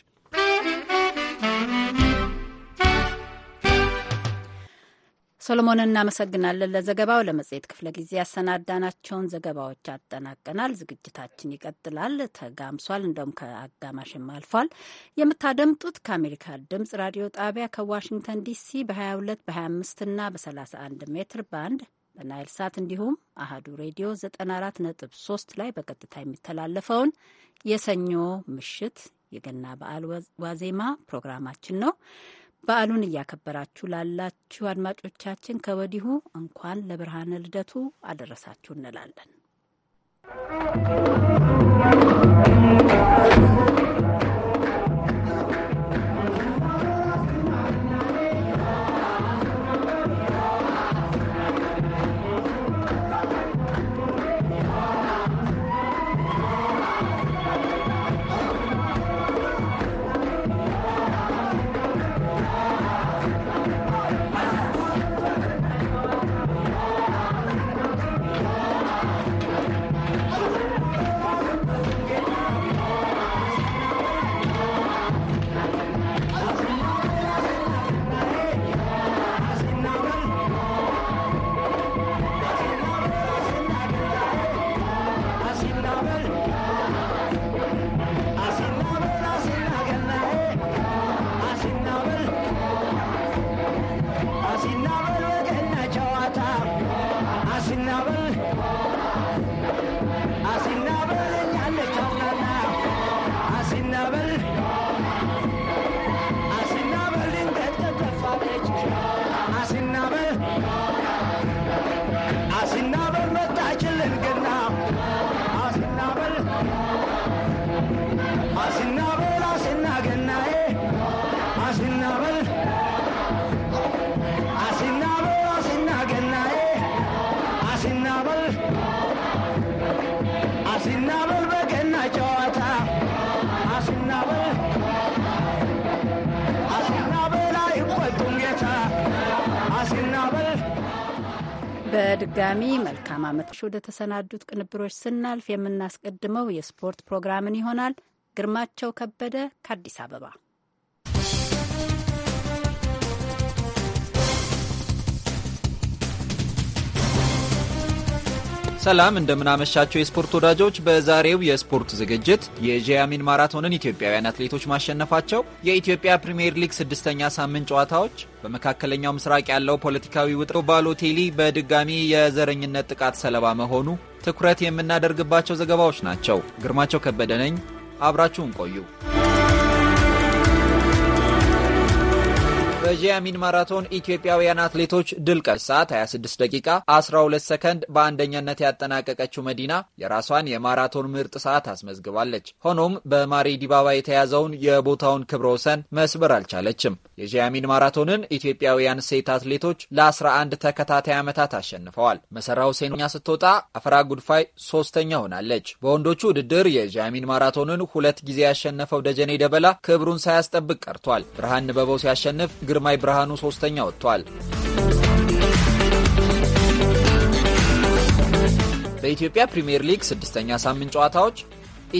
ሰሎሞን እናመሰግናለን ለዘገባው። ለመጽሔት ክፍለ ጊዜ ያሰናዳናቸውን ዘገባዎች አጠናቀናል። ዝግጅታችን ይቀጥላል፣ ተጋምሷል፣ እንደውም ከአጋማሽም አልፏል። የምታደምጡት ከአሜሪካ ድምጽ ራዲዮ ጣቢያ ከዋሽንግተን ዲሲ በ22 በ25 እና በ31 ሜትር ባንድ በናይል ሳት እንዲሁም አህዱ ሬዲዮ 94.3 ላይ በቀጥታ የሚተላለፈውን የሰኞ ምሽት የገና በዓል ዋዜማ ፕሮግራማችን ነው። በዓሉን እያከበራችሁ ላላችሁ አድማጮቻችን ከወዲሁ እንኳን ለብርሃነ ልደቱ አደረሳችሁ እንላለን። በድጋሚ መልካም አመቶች ወደ ተሰናዱት ቅንብሮች ስናልፍ የምናስቀድመው የስፖርት ፕሮግራምን ይሆናል። ግርማቸው ከበደ ከአዲስ አበባ ሰላም እንደምናመሻቸው የስፖርት ወዳጆች፣ በዛሬው የስፖርት ዝግጅት የጂያሚን ማራቶንን ኢትዮጵያውያን አትሌቶች ማሸነፋቸው፣ የኢትዮጵያ ፕሪምየር ሊግ ስድስተኛ ሳምንት ጨዋታዎች፣ በመካከለኛው ምስራቅ ያለው ፖለቲካዊ ውጥ፣ ባሎቴሊ በድጋሚ የዘረኝነት ጥቃት ሰለባ መሆኑ ትኩረት የምናደርግባቸው ዘገባዎች ናቸው። ግርማቸው ከበደ ነኝ። አብራችሁን ቆዩ። በጂያሚን ማራቶን ኢትዮጵያውያን አትሌቶች ድል ቀን ሰዓት 26 ደቂቃ 12 ሰከንድ በአንደኛነት ያጠናቀቀችው መዲና የራሷን የማራቶን ምርጥ ሰዓት አስመዝግባለች። ሆኖም በማሪ ዲባባ የተያዘውን የቦታውን ክብረ ወሰን መስበር አልቻለችም። የጂያሚን ማራቶንን ኢትዮጵያውያን ሴት አትሌቶች ለ11 ተከታታይ ዓመታት አሸንፈዋል። መሰራ ሁሴንኛ ስትወጣ አፈራ ጉድፋይ ሶስተኛ ሆናለች። በወንዶቹ ውድድር የጂያሚን ማራቶንን ሁለት ጊዜ ያሸነፈው ደጀኔ ደበላ ክብሩን ሳያስጠብቅ ቀርቷል። ብርሃን ንበበው ሲያሸንፍ ግርማይ ብርሃኑ ሶስተኛ ወጥቷል። በኢትዮጵያ ፕሪምየር ሊግ ስድስተኛ ሳምንት ጨዋታዎች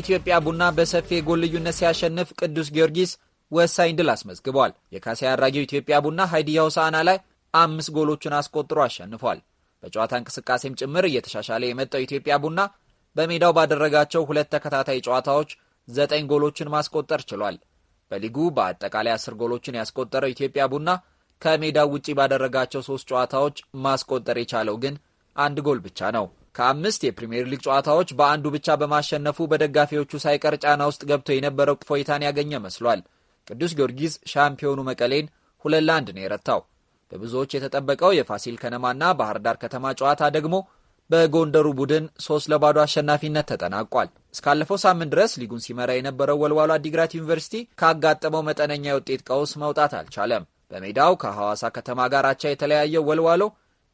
ኢትዮጵያ ቡና በሰፊ የጎል ልዩነት ሲያሸንፍ፣ ቅዱስ ጊዮርጊስ ወሳኝ ድል አስመዝግቧል። የካሳይ አድራጊው ኢትዮጵያ ቡና ሀይዲያ ሆሳዕና ላይ አምስት ጎሎችን አስቆጥሮ አሸንፏል። በጨዋታ እንቅስቃሴም ጭምር እየተሻሻለ የመጣው ኢትዮጵያ ቡና በሜዳው ባደረጋቸው ሁለት ተከታታይ ጨዋታዎች ዘጠኝ ጎሎችን ማስቆጠር ችሏል። በሊጉ በአጠቃላይ አስር ጎሎችን ያስቆጠረው ኢትዮጵያ ቡና ከሜዳው ውጪ ባደረጋቸው ሶስት ጨዋታዎች ማስቆጠር የቻለው ግን አንድ ጎል ብቻ ነው። ከአምስት የፕሪምየር ሊግ ጨዋታዎች በአንዱ ብቻ በማሸነፉ በደጋፊዎቹ ሳይቀር ጫና ውስጥ ገብቶ የነበረው እፎይታን ያገኘ መስሏል። ቅዱስ ጊዮርጊስ ሻምፒዮኑ መቀሌን ሁለት ለአንድ ነው የረታው። በብዙዎች የተጠበቀው የፋሲል ከነማና ባህር ዳር ከተማ ጨዋታ ደግሞ በጎንደሩ ቡድን ሶስት ለባዶ አሸናፊነት ተጠናቋል። እስካለፈው ሳምንት ድረስ ሊጉን ሲመራ የነበረው ወልዋሎ አዲግራት ዩኒቨርሲቲ ካጋጠመው መጠነኛ የውጤት ቀውስ መውጣት አልቻለም። በሜዳው ከሐዋሳ ከተማ ጋር አቻ የተለያየው ወልዋሎ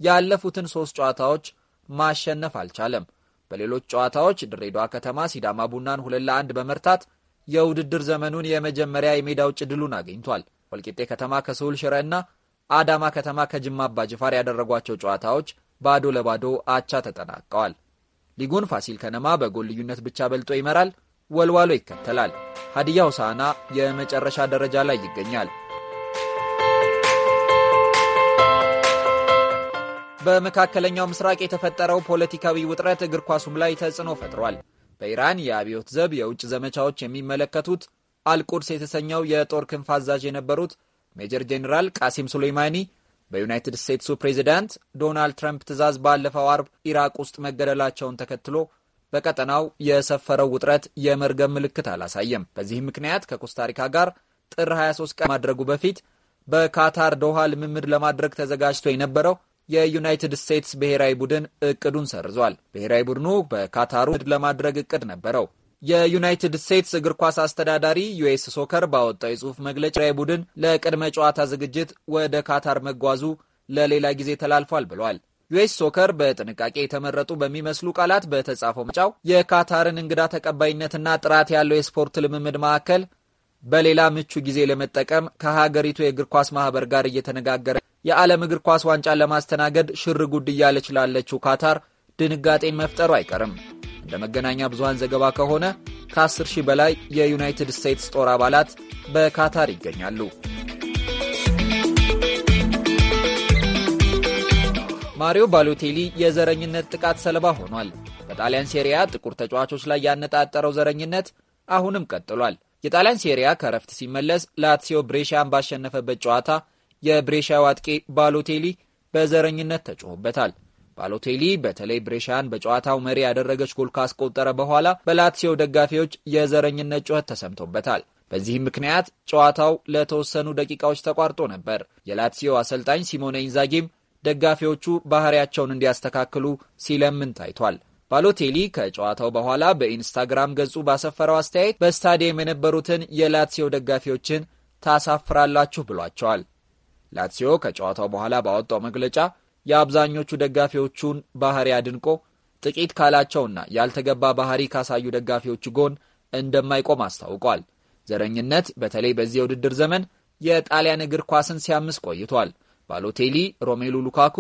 ያለፉትን ሶስት ጨዋታዎች ማሸነፍ አልቻለም። በሌሎች ጨዋታዎች ድሬዳዋ ከተማ ሲዳማ ቡናን ሁለት ለአንድ በመርታት የውድድር ዘመኑን የመጀመሪያ የሜዳ ውጭ ድሉን አግኝቷል። ወልቂጤ ከተማ ከስሁል ሽረ እና አዳማ ከተማ ከጅማ አባጅፋር ያደረጓቸው ጨዋታዎች ባዶ ለባዶ አቻ ተጠናቀዋል። ሊጉን ፋሲል ከነማ በጎል ልዩነት ብቻ በልጦ ይመራል። ወልዋሎ ይከተላል። ሀዲያ ሆሳና የመጨረሻ ደረጃ ላይ ይገኛል። በመካከለኛው ምስራቅ የተፈጠረው ፖለቲካዊ ውጥረት እግር ኳሱም ላይ ተጽዕኖ ፈጥሯል። በኢራን የአብዮት ዘብ የውጭ ዘመቻዎች የሚመለከቱት አልቁድስ የተሰኘው የጦር ክንፍ አዛዥ የነበሩት ሜጀር ጄኔራል ቃሲም ሱሌይማኒ በዩናይትድ ስቴትሱ ፕሬዚዳንት ዶናልድ ትራምፕ ትዕዛዝ ባለፈው አርብ ኢራቅ ውስጥ መገደላቸውን ተከትሎ በቀጠናው የሰፈረው ውጥረት የመርገብ ምልክት አላሳየም። በዚህም ምክንያት ከኮስታሪካ ጋር ጥር 23 ቀን ማድረጉ በፊት በካታር ዶሃ ልምምድ ለማድረግ ተዘጋጅቶ የነበረው የዩናይትድ ስቴትስ ብሔራዊ ቡድን እቅዱን ሰርዟል። ብሔራዊ ቡድኑ በካታሩ ለማድረግ እቅድ ነበረው። የዩናይትድ ስቴትስ እግር ኳስ አስተዳዳሪ ዩኤስ ሶከር ባወጣው የጽሁፍ መግለጫ ቡድን ለቅድመ ጨዋታ ዝግጅት ወደ ካታር መጓዙ ለሌላ ጊዜ ተላልፏል ብሏል። ዩኤስ ሶከር በጥንቃቄ የተመረጡ በሚመስሉ ቃላት በተጻፈው መጫው የካታርን እንግዳ ተቀባይነትና ጥራት ያለው የስፖርት ልምምድ ማዕከል በሌላ ምቹ ጊዜ ለመጠቀም ከሀገሪቱ የእግር ኳስ ማህበር ጋር እየተነጋገረ የዓለም እግር ኳስ ዋንጫን ለማስተናገድ ሽር ጉድ እያለች ላለችው ካታር ድንጋጤን መፍጠሩ አይቀርም። እንደ መገናኛ ብዙሃን ዘገባ ከሆነ ከ10 ሺህ በላይ የዩናይትድ ስቴትስ ጦር አባላት በካታር ይገኛሉ። ማሪዮ ባሎቴሊ የዘረኝነት ጥቃት ሰለባ ሆኗል። በጣሊያን ሴሪያ ጥቁር ተጫዋቾች ላይ ያነጣጠረው ዘረኝነት አሁንም ቀጥሏል። የጣሊያን ሴሪያ ከረፍት ሲመለስ ላትሲዮ ብሬሻን ባሸነፈበት ጨዋታ የብሬሻው አጥቂ ባሎቴሊ በዘረኝነት ተጮሆበታል። ባሎቴሊ በተለይ ብሬሻን በጨዋታው መሪ ያደረገች ጎል ካስቆጠረ በኋላ በላትሲዮ ደጋፊዎች የዘረኝነት ጩኸት ተሰምቶበታል። በዚህም ምክንያት ጨዋታው ለተወሰኑ ደቂቃዎች ተቋርጦ ነበር። የላትሲዮ አሰልጣኝ ሲሞኔ ኢንዛጊም ደጋፊዎቹ ባህሪያቸውን እንዲያስተካክሉ ሲለምን ታይቷል። ባሎቴሊ ከጨዋታው በኋላ በኢንስታግራም ገጹ ባሰፈረው አስተያየት በስታዲየም የነበሩትን የላትሲዮ ደጋፊዎችን ታሳፍራላችሁ ብሏቸዋል። ላትሲዮ ከጨዋታው በኋላ ባወጣው መግለጫ የአብዛኞቹ ደጋፊዎቹን ባህሪ አድንቆ ጥቂት ካላቸውና ያልተገባ ባህሪ ካሳዩ ደጋፊዎቹ ጎን እንደማይቆም አስታውቋል። ዘረኝነት በተለይ በዚህ የውድድር ዘመን የጣሊያን እግር ኳስን ሲያምስ ቆይቷል። ባሎቴሊ፣ ሮሜሉ ሉካኩ፣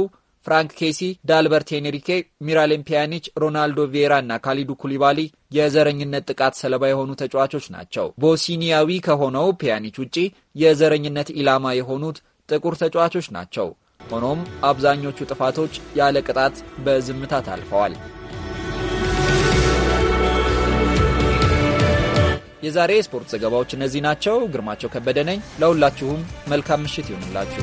ፍራንክ ኬሲ፣ ዳልበርት ሄንሪኬ፣ ሚራሌም ፒያኒች፣ ሮናልዶ ቪዬራ እና ካሊዱ ኩሊባሊ የዘረኝነት ጥቃት ሰለባ የሆኑ ተጫዋቾች ናቸው። ቦሲኒያዊ ከሆነው ፒያኒች ውጪ የዘረኝነት ኢላማ የሆኑት ጥቁር ተጫዋቾች ናቸው። ሆኖም አብዛኞቹ ጥፋቶች ያለ ቅጣት በዝምታ ታልፈዋል። የዛሬ የስፖርት ዘገባዎች እነዚህ ናቸው። ግርማቸው ከበደ ነኝ። ለሁላችሁም መልካም ምሽት ይሆንላችሁ።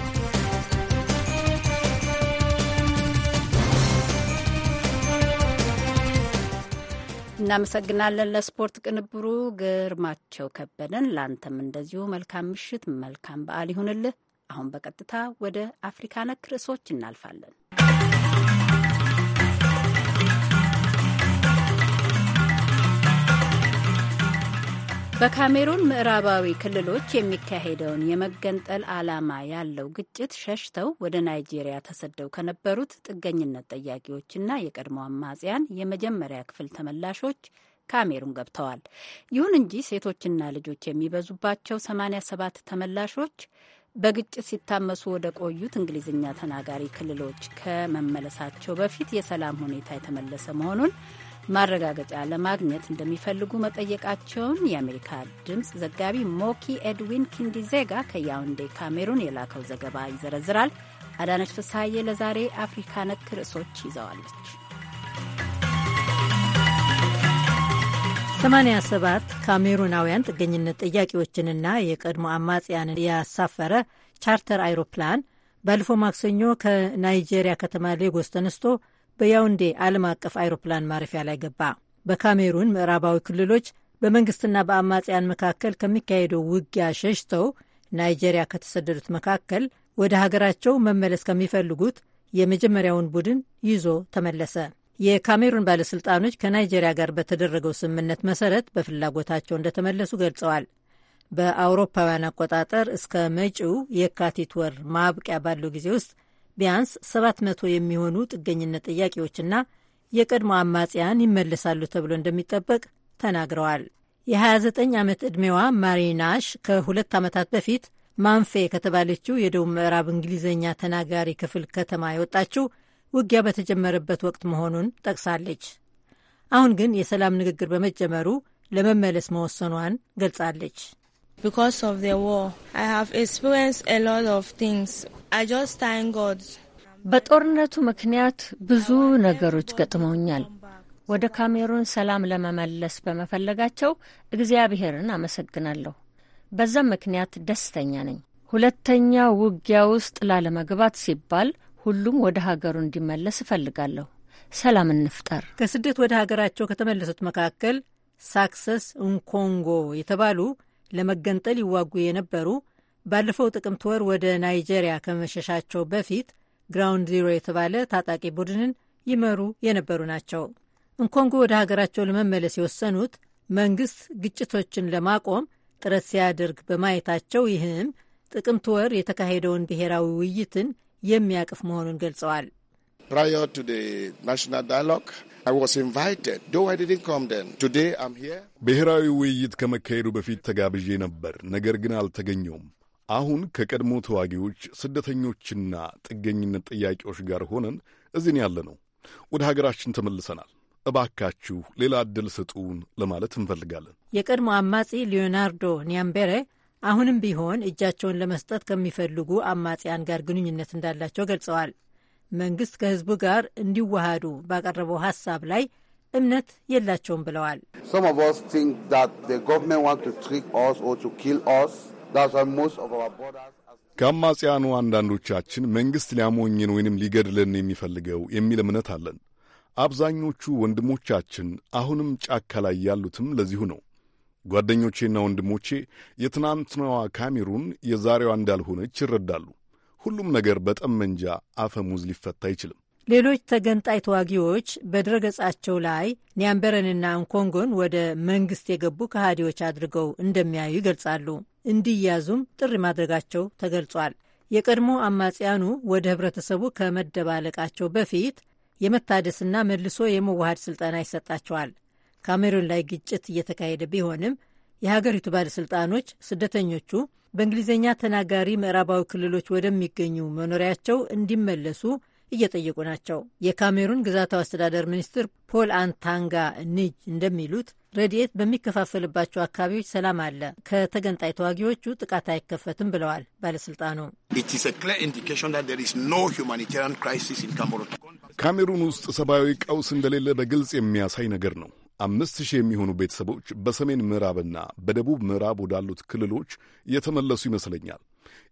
እናመሰግናለን ለስፖርት ቅንብሩ ግርማቸው ከበደን። ለአንተም እንደዚሁ መልካም ምሽት፣ መልካም በዓል ይሁንልህ። አሁን በቀጥታ ወደ አፍሪካ ነክ ርዕሶች እናልፋለን። በካሜሩን ምዕራባዊ ክልሎች የሚካሄደውን የመገንጠል ዓላማ ያለው ግጭት ሸሽተው ወደ ናይጄሪያ ተሰደው ከነበሩት ጥገኝነት ጠያቂዎችና የቀድሞ አማጽያን የመጀመሪያ ክፍል ተመላሾች ካሜሩን ገብተዋል። ይሁን እንጂ ሴቶችና ልጆች የሚበዙባቸው 87 ተመላሾች በግጭት ሲታመሱ ወደ ቆዩት እንግሊዝኛ ተናጋሪ ክልሎች ከመመለሳቸው በፊት የሰላም ሁኔታ የተመለሰ መሆኑን ማረጋገጫ ለማግኘት እንደሚፈልጉ መጠየቃቸውን የአሜሪካ ድምፅ ዘጋቢ ሞኪ ኤድዊን ኪንዲዜጋ ከያውንዴ ካሜሩን የላከው ዘገባ ይዘረዝራል። አዳነች ፍሳዬ ለዛሬ አፍሪካ ነክ ርዕሶች ይዘዋለች። 87 ካሜሩናውያን ጥገኝነት ጥያቄዎችንና የቀድሞ አማጽያንን ያሳፈረ ቻርተር አይሮፕላን ባለፈው ማክሰኞ ከናይጄሪያ ከተማ ሌጎስ ተነስቶ በያውንዴ ዓለም አቀፍ አይሮፕላን ማረፊያ ላይ ገባ። በካሜሩን ምዕራባዊ ክልሎች በመንግስትና በአማጽያን መካከል ከሚካሄደው ውጊያ ሸሽተው ናይጄሪያ ከተሰደዱት መካከል ወደ ሀገራቸው መመለስ ከሚፈልጉት የመጀመሪያውን ቡድን ይዞ ተመለሰ። የካሜሩን ባለሥልጣኖች ከናይጄሪያ ጋር በተደረገው ስምምነት መሰረት በፍላጎታቸው እንደተመለሱ ገልጸዋል። በአውሮፓውያን አቆጣጠር እስከ መጪው የካቲት ወር ማብቂያ ባለው ጊዜ ውስጥ ቢያንስ 700 የሚሆኑ ጥገኝነት ጥያቄዎችና የቀድሞ አማጽያን ይመለሳሉ ተብሎ እንደሚጠበቅ ተናግረዋል። የ29 ዓመት ዕድሜዋ ማሪናሽ ከሁለት ዓመታት በፊት ማንፌ ከተባለችው የደቡብ ምዕራብ እንግሊዝኛ ተናጋሪ ክፍል ከተማ የወጣችው ውጊያ በተጀመረበት ወቅት መሆኑን ጠቅሳለች። አሁን ግን የሰላም ንግግር በመጀመሩ ለመመለስ መወሰኗን ገልጻለች። በጦርነቱ ምክንያት ብዙ ነገሮች ገጥመውኛል። ወደ ካሜሩን ሰላም ለመመለስ በመፈለጋቸው እግዚአብሔርን አመሰግናለሁ። በዛም ምክንያት ደስተኛ ነኝ። ሁለተኛ ውጊያ ውስጥ ላለመግባት ሲባል ሁሉም ወደ ሀገሩ እንዲመለስ እፈልጋለሁ። ሰላም እንፍጠር። ከስደት ወደ ሀገራቸው ከተመለሱት መካከል ሳክሰስ እንኮንጎ የተባሉ ለመገንጠል ይዋጉ የነበሩ ባለፈው ጥቅምት ወር ወደ ናይጄሪያ ከመሸሻቸው በፊት ግራውንድ ዚሮ የተባለ ታጣቂ ቡድንን ይመሩ የነበሩ ናቸው። እንኮንጎ ወደ ሀገራቸው ለመመለስ የወሰኑት መንግስት ግጭቶችን ለማቆም ጥረት ሲያደርግ በማየታቸው ይህም ጥቅምት ወር የተካሄደውን ብሔራዊ ውይይትን የሚያቅፍ መሆኑን ገልጸዋል። ብሔራዊ ውይይት ከመካሄዱ በፊት ተጋብዤ ነበር፣ ነገር ግን አልተገኘውም። አሁን ከቀድሞ ተዋጊዎች ስደተኞችና ጥገኝነት ጥያቄዎች ጋር ሆነን እዚህን ያለ ነው። ወደ ሀገራችን ተመልሰናል። እባካችሁ ሌላ ዕድል ስጡን ለማለት እንፈልጋለን። የቀድሞ አማጺ ሊዮናርዶ ኒያምቤሬ አሁንም ቢሆን እጃቸውን ለመስጠት ከሚፈልጉ አማጽያን ጋር ግንኙነት እንዳላቸው ገልጸዋል። መንግስት ከህዝቡ ጋር እንዲዋሃዱ ባቀረበው ሀሳብ ላይ እምነት የላቸውም ብለዋል። ከአማጽያኑ አንዳንዶቻችን መንግሥት ሊያሞኝን ወይንም ሊገድልን የሚፈልገው የሚል እምነት አለን። አብዛኞቹ ወንድሞቻችን አሁንም ጫካ ላይ ያሉትም ለዚሁ ነው። ጓደኞቼና ወንድሞቼ የትናንትናዋ ካሜሩን የዛሬዋ እንዳልሆነች ይረዳሉ። ሁሉም ነገር በጠመንጃ አፈሙዝ ሊፈታ አይችልም። ሌሎች ተገንጣይ ተዋጊዎች በድረገጻቸው ላይ ኒያምበረንና ንኮንጎን ወደ መንግስት የገቡ ከሃዲዎች አድርገው እንደሚያዩ ይገልጻሉ። እንዲያዙም ጥሪ ማድረጋቸው ተገልጿል። የቀድሞ አማጽያኑ ወደ ህብረተሰቡ ከመደባለቃቸው በፊት የመታደስና መልሶ የመዋሃድ ስልጠና ይሰጣቸዋል። ካሜሩን ላይ ግጭት እየተካሄደ ቢሆንም የሀገሪቱ ባለሥልጣኖች ስደተኞቹ በእንግሊዝኛ ተናጋሪ ምዕራባዊ ክልሎች ወደሚገኙ መኖሪያቸው እንዲመለሱ እየጠየቁ ናቸው። የካሜሩን ግዛታዊ አስተዳደር ሚኒስትር ፖል አንታንጋ ንጅ እንደሚሉት ረድኤት በሚከፋፈልባቸው አካባቢዎች ሰላም አለ፣ ከተገንጣይ ተዋጊዎቹ ጥቃት አይከፈትም ብለዋል ባለሥልጣኑ። ካሜሩን ውስጥ ሰብአዊ ቀውስ እንደሌለ በግልጽ የሚያሳይ ነገር ነው። አምስት ሺህ የሚሆኑ ቤተሰቦች በሰሜን ምዕራብና በደቡብ ምዕራብ ወዳሉት ክልሎች የተመለሱ ይመስለኛል።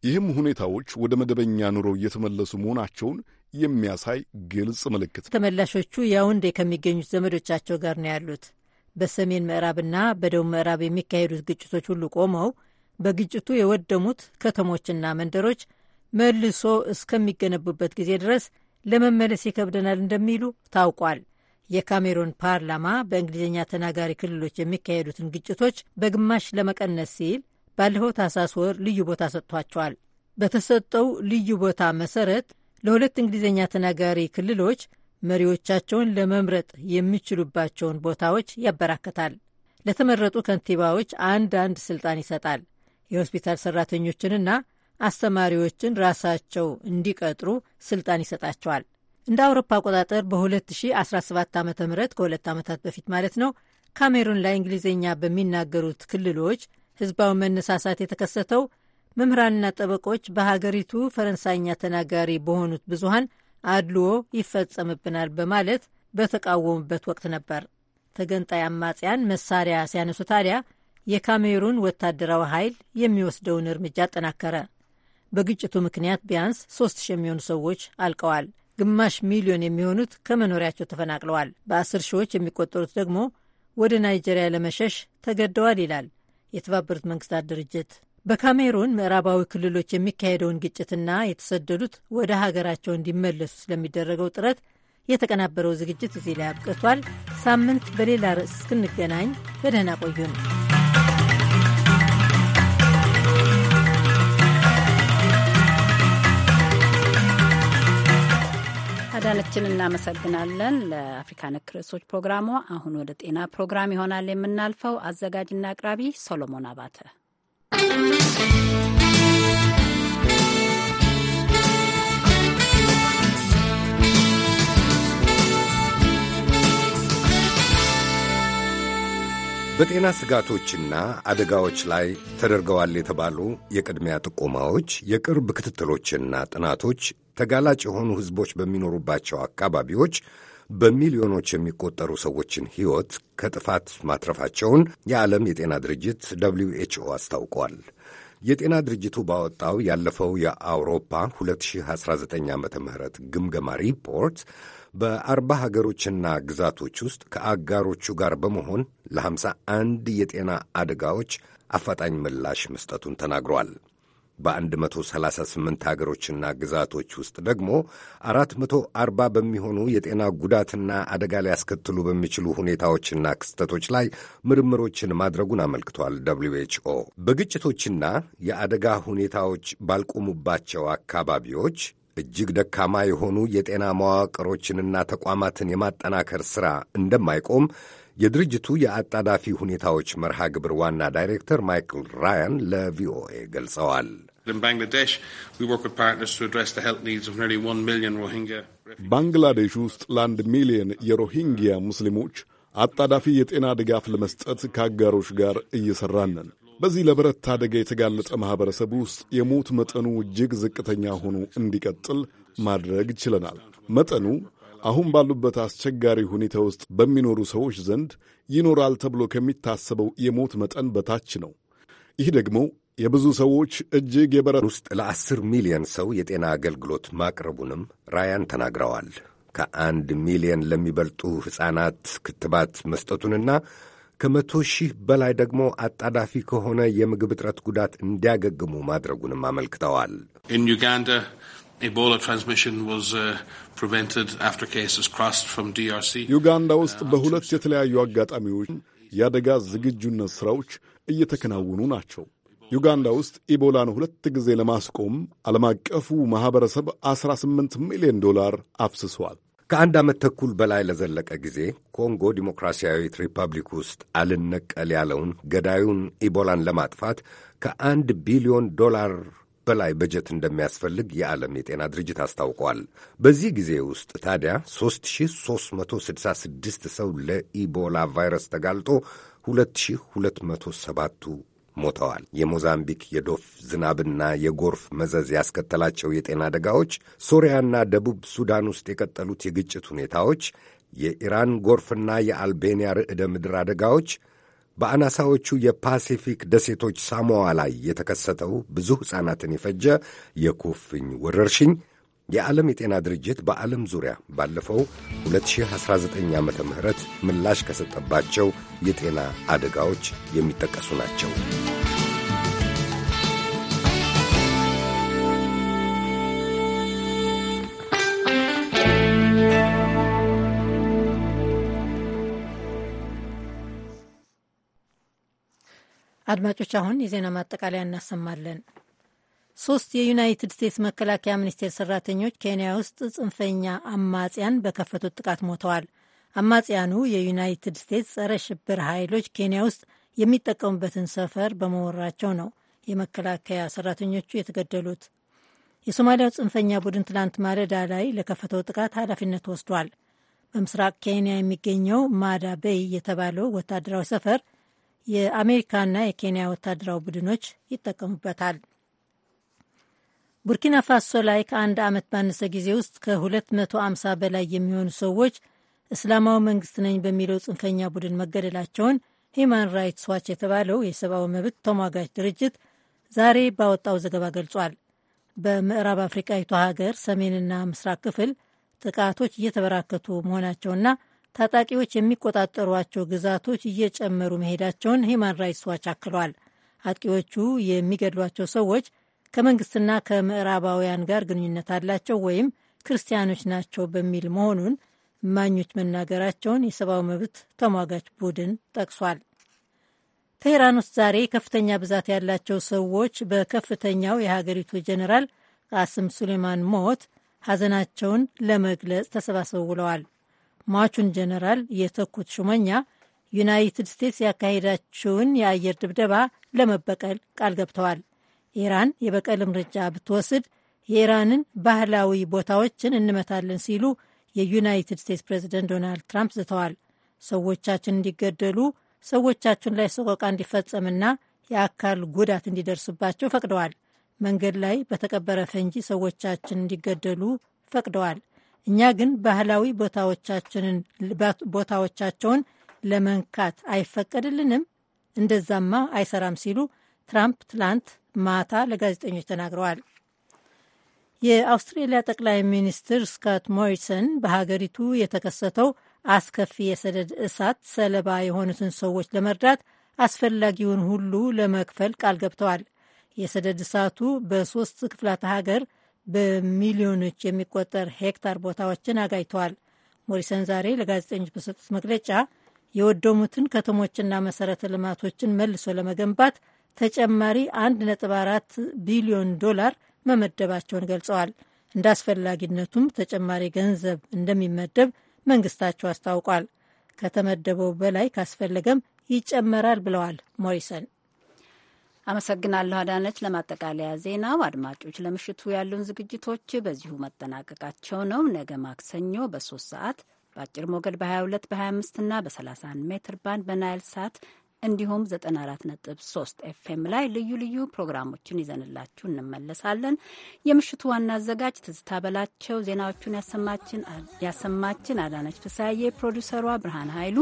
ይህም ሁኔታዎች ወደ መደበኛ ኑሮ እየተመለሱ መሆናቸውን የሚያሳይ ግልጽ ምልክት። ተመላሾቹ ያውንዴ ከሚገኙት ዘመዶቻቸው ጋር ነው ያሉት። በሰሜን ምዕራብና በደቡብ ምዕራብ የሚካሄዱት ግጭቶች ሁሉ ቆመው በግጭቱ የወደሙት ከተሞችና መንደሮች መልሶ እስከሚገነቡበት ጊዜ ድረስ ለመመለስ ይከብደናል እንደሚሉ ታውቋል። የካሜሮን ፓርላማ በእንግሊዝኛ ተናጋሪ ክልሎች የሚካሄዱትን ግጭቶች በግማሽ ለመቀነስ ሲል ባለፈው ታህሳስ ወር ልዩ ቦታ ሰጥቷቸዋል። በተሰጠው ልዩ ቦታ መሰረት ለሁለት እንግሊዝኛ ተናጋሪ ክልሎች መሪዎቻቸውን ለመምረጥ የሚችሉባቸውን ቦታዎች ያበራክታል። ለተመረጡ ከንቲባዎች አንዳንድ ስልጣን ይሰጣል። የሆስፒታል ሰራተኞችንና አስተማሪዎችን ራሳቸው እንዲቀጥሩ ስልጣን ይሰጣቸዋል። እንደ አውሮፓ አቆጣጠር በ2017 ዓ ም ከሁለት ዓመታት በፊት ማለት ነው ካሜሩን ላይ እንግሊዝኛ በሚናገሩት ክልሎች ህዝባዊ መነሳሳት የተከሰተው መምህራንና ጠበቆች በሀገሪቱ ፈረንሳይኛ ተናጋሪ በሆኑት ብዙሀን አድልዎ ይፈጸምብናል በማለት በተቃወሙበት ወቅት ነበር። ተገንጣይ አማጽያን መሳሪያ ሲያነሱ ታዲያ የካሜሩን ወታደራዊ ኃይል የሚወስደውን እርምጃ አጠናከረ። በግጭቱ ምክንያት ቢያንስ 3000 የሚሆኑ ሰዎች አልቀዋል። ግማሽ ሚሊዮን የሚሆኑት ከመኖሪያቸው ተፈናቅለዋል። በአስር ሺዎች የሚቆጠሩት ደግሞ ወደ ናይጄሪያ ለመሸሽ ተገደዋል ይላል የተባበሩት መንግስታት ድርጅት። በካሜሩን ምዕራባዊ ክልሎች የሚካሄደውን ግጭትና የተሰደዱት ወደ ሀገራቸው እንዲመለሱ ስለሚደረገው ጥረት የተቀናበረው ዝግጅት እዚህ ላይ አብቅቷል። ሳምንት በሌላ ርዕስ እስክንገናኝ በደህና ቆዩን። አዳነችን እናመሰግናለን ለአፍሪካ ነክ ርዕሶች ፕሮግራሙ አሁን ወደ ጤና ፕሮግራም ይሆናል የምናልፈው። አዘጋጅና አቅራቢ ሶሎሞን አባተ በጤና ስጋቶችና አደጋዎች ላይ ተደርገዋል የተባሉ የቅድሚያ ጥቆማዎች፣ የቅርብ ክትትሎችና ጥናቶች ተጋላጭ የሆኑ ሕዝቦች በሚኖሩባቸው አካባቢዎች በሚሊዮኖች የሚቆጠሩ ሰዎችን ሕይወት ከጥፋት ማትረፋቸውን የዓለም የጤና ድርጅት ደብሊው ኤች ኦ አስታውቋል። የጤና ድርጅቱ ባወጣው ያለፈው የአውሮፓ 2019 ዓ ም ግምገማ ሪፖርት በአርባ ሀገሮችና ግዛቶች ውስጥ ከአጋሮቹ ጋር በመሆን ለሃምሳ አንድ የጤና አደጋዎች አፋጣኝ ምላሽ መስጠቱን ተናግሯል። በ138 ሀገሮችና ግዛቶች ውስጥ ደግሞ 440 በሚሆኑ የጤና ጉዳትና አደጋ ሊያስከትሉ በሚችሉ ሁኔታዎችና ክስተቶች ላይ ምርምሮችን ማድረጉን አመልክቷል። ደብሊው ኤች ኦ በግጭቶችና የአደጋ ሁኔታዎች ባልቆሙባቸው አካባቢዎች እጅግ ደካማ የሆኑ የጤና መዋቅሮችንና ተቋማትን የማጠናከር ሥራ እንደማይቆም የድርጅቱ የአጣዳፊ ሁኔታዎች መርሃ ግብር ዋና ዳይሬክተር ማይክል ራያን ለቪኦኤ ገልጸዋል። ባንግላዴሽ ውስጥ ለአንድ ሚሊዮን የሮሂንግያ ሙስሊሞች አጣዳፊ የጤና ድጋፍ ለመስጠት ከአጋሮች ጋር እየሠራን ነን። በዚህ ለብረት አደጋ የተጋለጠ ማኅበረሰብ ውስጥ የሞት መጠኑ እጅግ ዝቅተኛ ሆኖ እንዲቀጥል ማድረግ ችለናል። መጠኑ አሁን ባሉበት አስቸጋሪ ሁኔታ ውስጥ በሚኖሩ ሰዎች ዘንድ ይኖራል ተብሎ ከሚታሰበው የሞት መጠን በታች ነው። ይህ ደግሞ የብዙ ሰዎች እጅግ የበረ ውስጥ ለአስር ሚሊዮን ሰው የጤና አገልግሎት ማቅረቡንም ራያን ተናግረዋል። ከአንድ ሚሊዮን ለሚበልጡ ሕፃናት ክትባት መስጠቱንና ከመቶ ሺህ በላይ ደግሞ አጣዳፊ ከሆነ የምግብ እጥረት ጉዳት እንዲያገግሙ ማድረጉንም አመልክተዋል። ዩጋንዳ uh, ውስጥ በሁለት የተለያዩ አጋጣሚዎች የአደጋ ዝግጁነት ሥራዎች እየተከናወኑ ናቸው። ዩጋንዳ ውስጥ ኢቦላን ሁለት ጊዜ ለማስቆም ዓለም አቀፉ ማኅበረሰብ 18 ሚሊዮን ዶላር አፍስሷል። ከአንድ ዓመት ተኩል በላይ ለዘለቀ ጊዜ ኮንጎ ዲሞክራሲያዊት ሪፐብሊክ ውስጥ አልነቀል ያለውን ገዳዩን ኢቦላን ለማጥፋት ከአንድ ቢሊዮን ዶላር በላይ በጀት እንደሚያስፈልግ የዓለም የጤና ድርጅት አስታውቋል። በዚህ ጊዜ ውስጥ ታዲያ 3366 ሰው ለኢቦላ ቫይረስ ተጋልጦ 2207ቱ ሞተዋል። የሞዛምቢክ የዶፍ ዝናብና የጎርፍ መዘዝ ያስከተላቸው የጤና አደጋዎች፣ ሶሪያና ደቡብ ሱዳን ውስጥ የቀጠሉት የግጭት ሁኔታዎች፣ የኢራን ጎርፍና የአልቤንያ ርዕደ ምድር አደጋዎች፣ በአናሳዎቹ የፓሲፊክ ደሴቶች ሳሞዋ ላይ የተከሰተው ብዙ ሕፃናትን የፈጀ የኩፍኝ ወረርሽኝ የዓለም የጤና ድርጅት በዓለም ዙሪያ ባለፈው 2019 ዓ ም ምላሽ ከሰጠባቸው የጤና አደጋዎች የሚጠቀሱ ናቸው። አድማጮች፣ አሁን የዜና ማጠቃለያ እናሰማለን። ሶስት የዩናይትድ ስቴትስ መከላከያ ሚኒስቴር ሰራተኞች ኬንያ ውስጥ ጽንፈኛ አማጽያን በከፈቱት ጥቃት ሞተዋል። አማጽያኑ የዩናይትድ ስቴትስ ጸረ ሽብር ኃይሎች ኬንያ ውስጥ የሚጠቀሙበትን ሰፈር በመወራቸው ነው የመከላከያ ሰራተኞቹ የተገደሉት። የሶማሊያው ጽንፈኛ ቡድን ትላንት ማለዳ ላይ ለከፈተው ጥቃት ኃላፊነት ወስዷል። በምስራቅ ኬንያ የሚገኘው ማዳ በይ የተባለው ወታደራዊ ሰፈር የአሜሪካና የኬንያ ወታደራዊ ቡድኖች ይጠቀሙበታል። ቡርኪና ፋሶ ላይ ከአንድ ዓመት ባነሰ ጊዜ ውስጥ ከ250 በላይ የሚሆኑ ሰዎች እስላማዊ መንግስት ነኝ በሚለው ጽንፈኛ ቡድን መገደላቸውን ሂማን ራይትስ ዋች የተባለው የሰብአዊ መብት ተሟጋች ድርጅት ዛሬ ባወጣው ዘገባ ገልጿል። በምዕራብ አፍሪካዊቷ ሀገር ሰሜንና ምስራቅ ክፍል ጥቃቶች እየተበራከቱ መሆናቸውና ታጣቂዎች የሚቆጣጠሯቸው ግዛቶች እየጨመሩ መሄዳቸውን ሂማን ራይትስ ዋች አክሏል። አጥቂዎቹ የሚገድሏቸው ሰዎች ከመንግስትና ከምዕራባውያን ጋር ግንኙነት አላቸው ወይም ክርስቲያኖች ናቸው በሚል መሆኑን እማኞች መናገራቸውን የሰብአዊ መብት ተሟጋች ቡድን ጠቅሷል። ቴህራን ውስጥ ዛሬ ከፍተኛ ብዛት ያላቸው ሰዎች በከፍተኛው የሀገሪቱ ጀኔራል ቃስም ሱሌማን ሞት ሐዘናቸውን ለመግለጽ ተሰባስበው ውለዋል። ሟቹን ጀኔራል የተኩት ሹመኛ ዩናይትድ ስቴትስ ያካሄዳችውን የአየር ድብደባ ለመበቀል ቃል ገብተዋል። ኢራን የበቀል እርምጃ ብትወስድ የኢራንን ባህላዊ ቦታዎችን እንመታለን ሲሉ የዩናይትድ ስቴትስ ፕሬዚደንት ዶናልድ ትራምፕ ዝተዋል። ሰዎቻችን እንዲገደሉ፣ ሰዎቻችን ላይ ሰቆቃ እንዲፈጸምና የአካል ጉዳት እንዲደርስባቸው ፈቅደዋል። መንገድ ላይ በተቀበረ ፈንጂ ሰዎቻችን እንዲገደሉ ፈቅደዋል። እኛ ግን ባህላዊ ቦታዎቻችንን ቦታዎቻቸውን ለመንካት አይፈቀድልንም፣ እንደዛማ አይሰራም ሲሉ ትራምፕ ትላንት ማታ ለጋዜጠኞች ተናግረዋል። የአውስትሬሊያ ጠቅላይ ሚኒስትር ስካት ሞሪሰን በሀገሪቱ የተከሰተው አስከፊ የሰደድ እሳት ሰለባ የሆኑትን ሰዎች ለመርዳት አስፈላጊውን ሁሉ ለመክፈል ቃል ገብተዋል። የሰደድ እሳቱ በሶስት ክፍላተ ሀገር በሚሊዮኖች የሚቆጠር ሄክታር ቦታዎችን አጋይተዋል። ሞሪሰን ዛሬ ለጋዜጠኞች በሰጡት መግለጫ የወደሙትን ከተሞችና መሰረተ ልማቶችን መልሶ ለመገንባት ተጨማሪ 1.4 ቢሊዮን ዶላር መመደባቸውን ገልጸዋል። እንደ አስፈላጊነቱም ተጨማሪ ገንዘብ እንደሚመደብ መንግስታቸው አስታውቋል። ከተመደበው በላይ ካስፈለገም ይጨመራል ብለዋል ሞሪሰን። አመሰግናለሁ አዳነች። ለማጠቃለያ ዜናው አድማጮች፣ ለምሽቱ ያሉን ዝግጅቶች በዚሁ መጠናቀቃቸው ነው። ነገ ማክሰኞ በሶስት ሰዓት በአጭር ሞገድ በ22 በ25 እና በ31 ሜትር ባንድ በናይል ሳት እንዲሁም 94.3 ኤፍኤም ላይ ልዩ ልዩ ፕሮግራሞችን ይዘንላችሁ እንመለሳለን። የምሽቱ ዋና አዘጋጅ ትዝታ በላቸው፣ ዜናዎቹን ያሰማችን አዳነች ፍሳዬ፣ ፕሮዲሰሯ ብርሃን ኃይሉ፣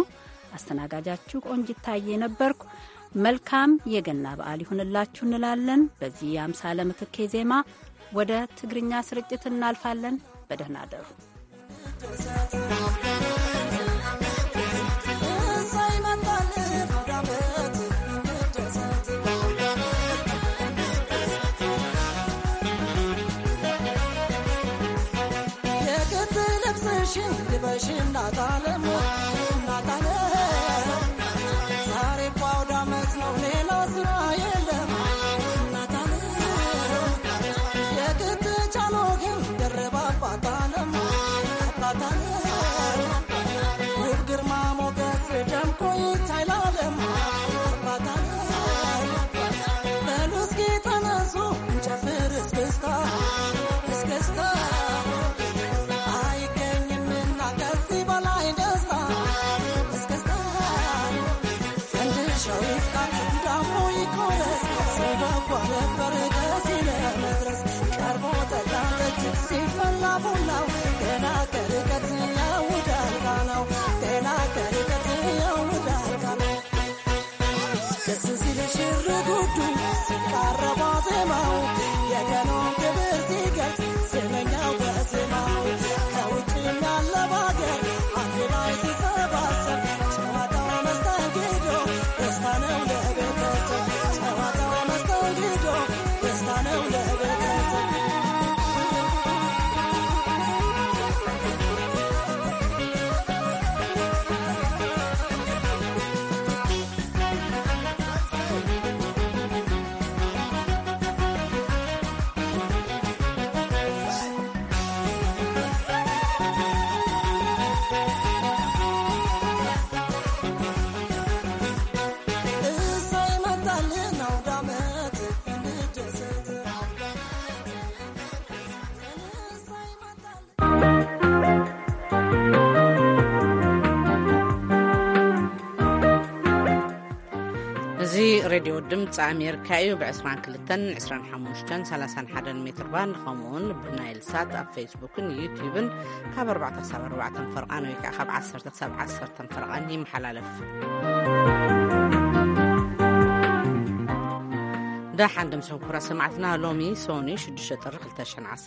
አስተናጋጃችሁ ቆንጅ ታዬ ነበርኩ። መልካም የገና በዓል ይሁንላችሁ እንላለን። በዚህ የአምሳለ ምትኬ ዜማ ወደ ትግርኛ ስርጭት እናልፋለን። በደህና አደሩ። volar. ድምፂ ኣሜሪካ እዩ ብ22 25 2531 ሜትር ባንድ ከምኡውን ብናይል ሳት ኣብ ፌስቡክን ዩትብን ካብ 444 ፍርቓን ወይ ከዓ ካብ 1 ክሳብ 1 ፍርቓን ይመሓላለፍ ዳሓን ድምፂ ኩራ ሰማዕትና ሎሚ ሶኒ 6 ጥሪ 211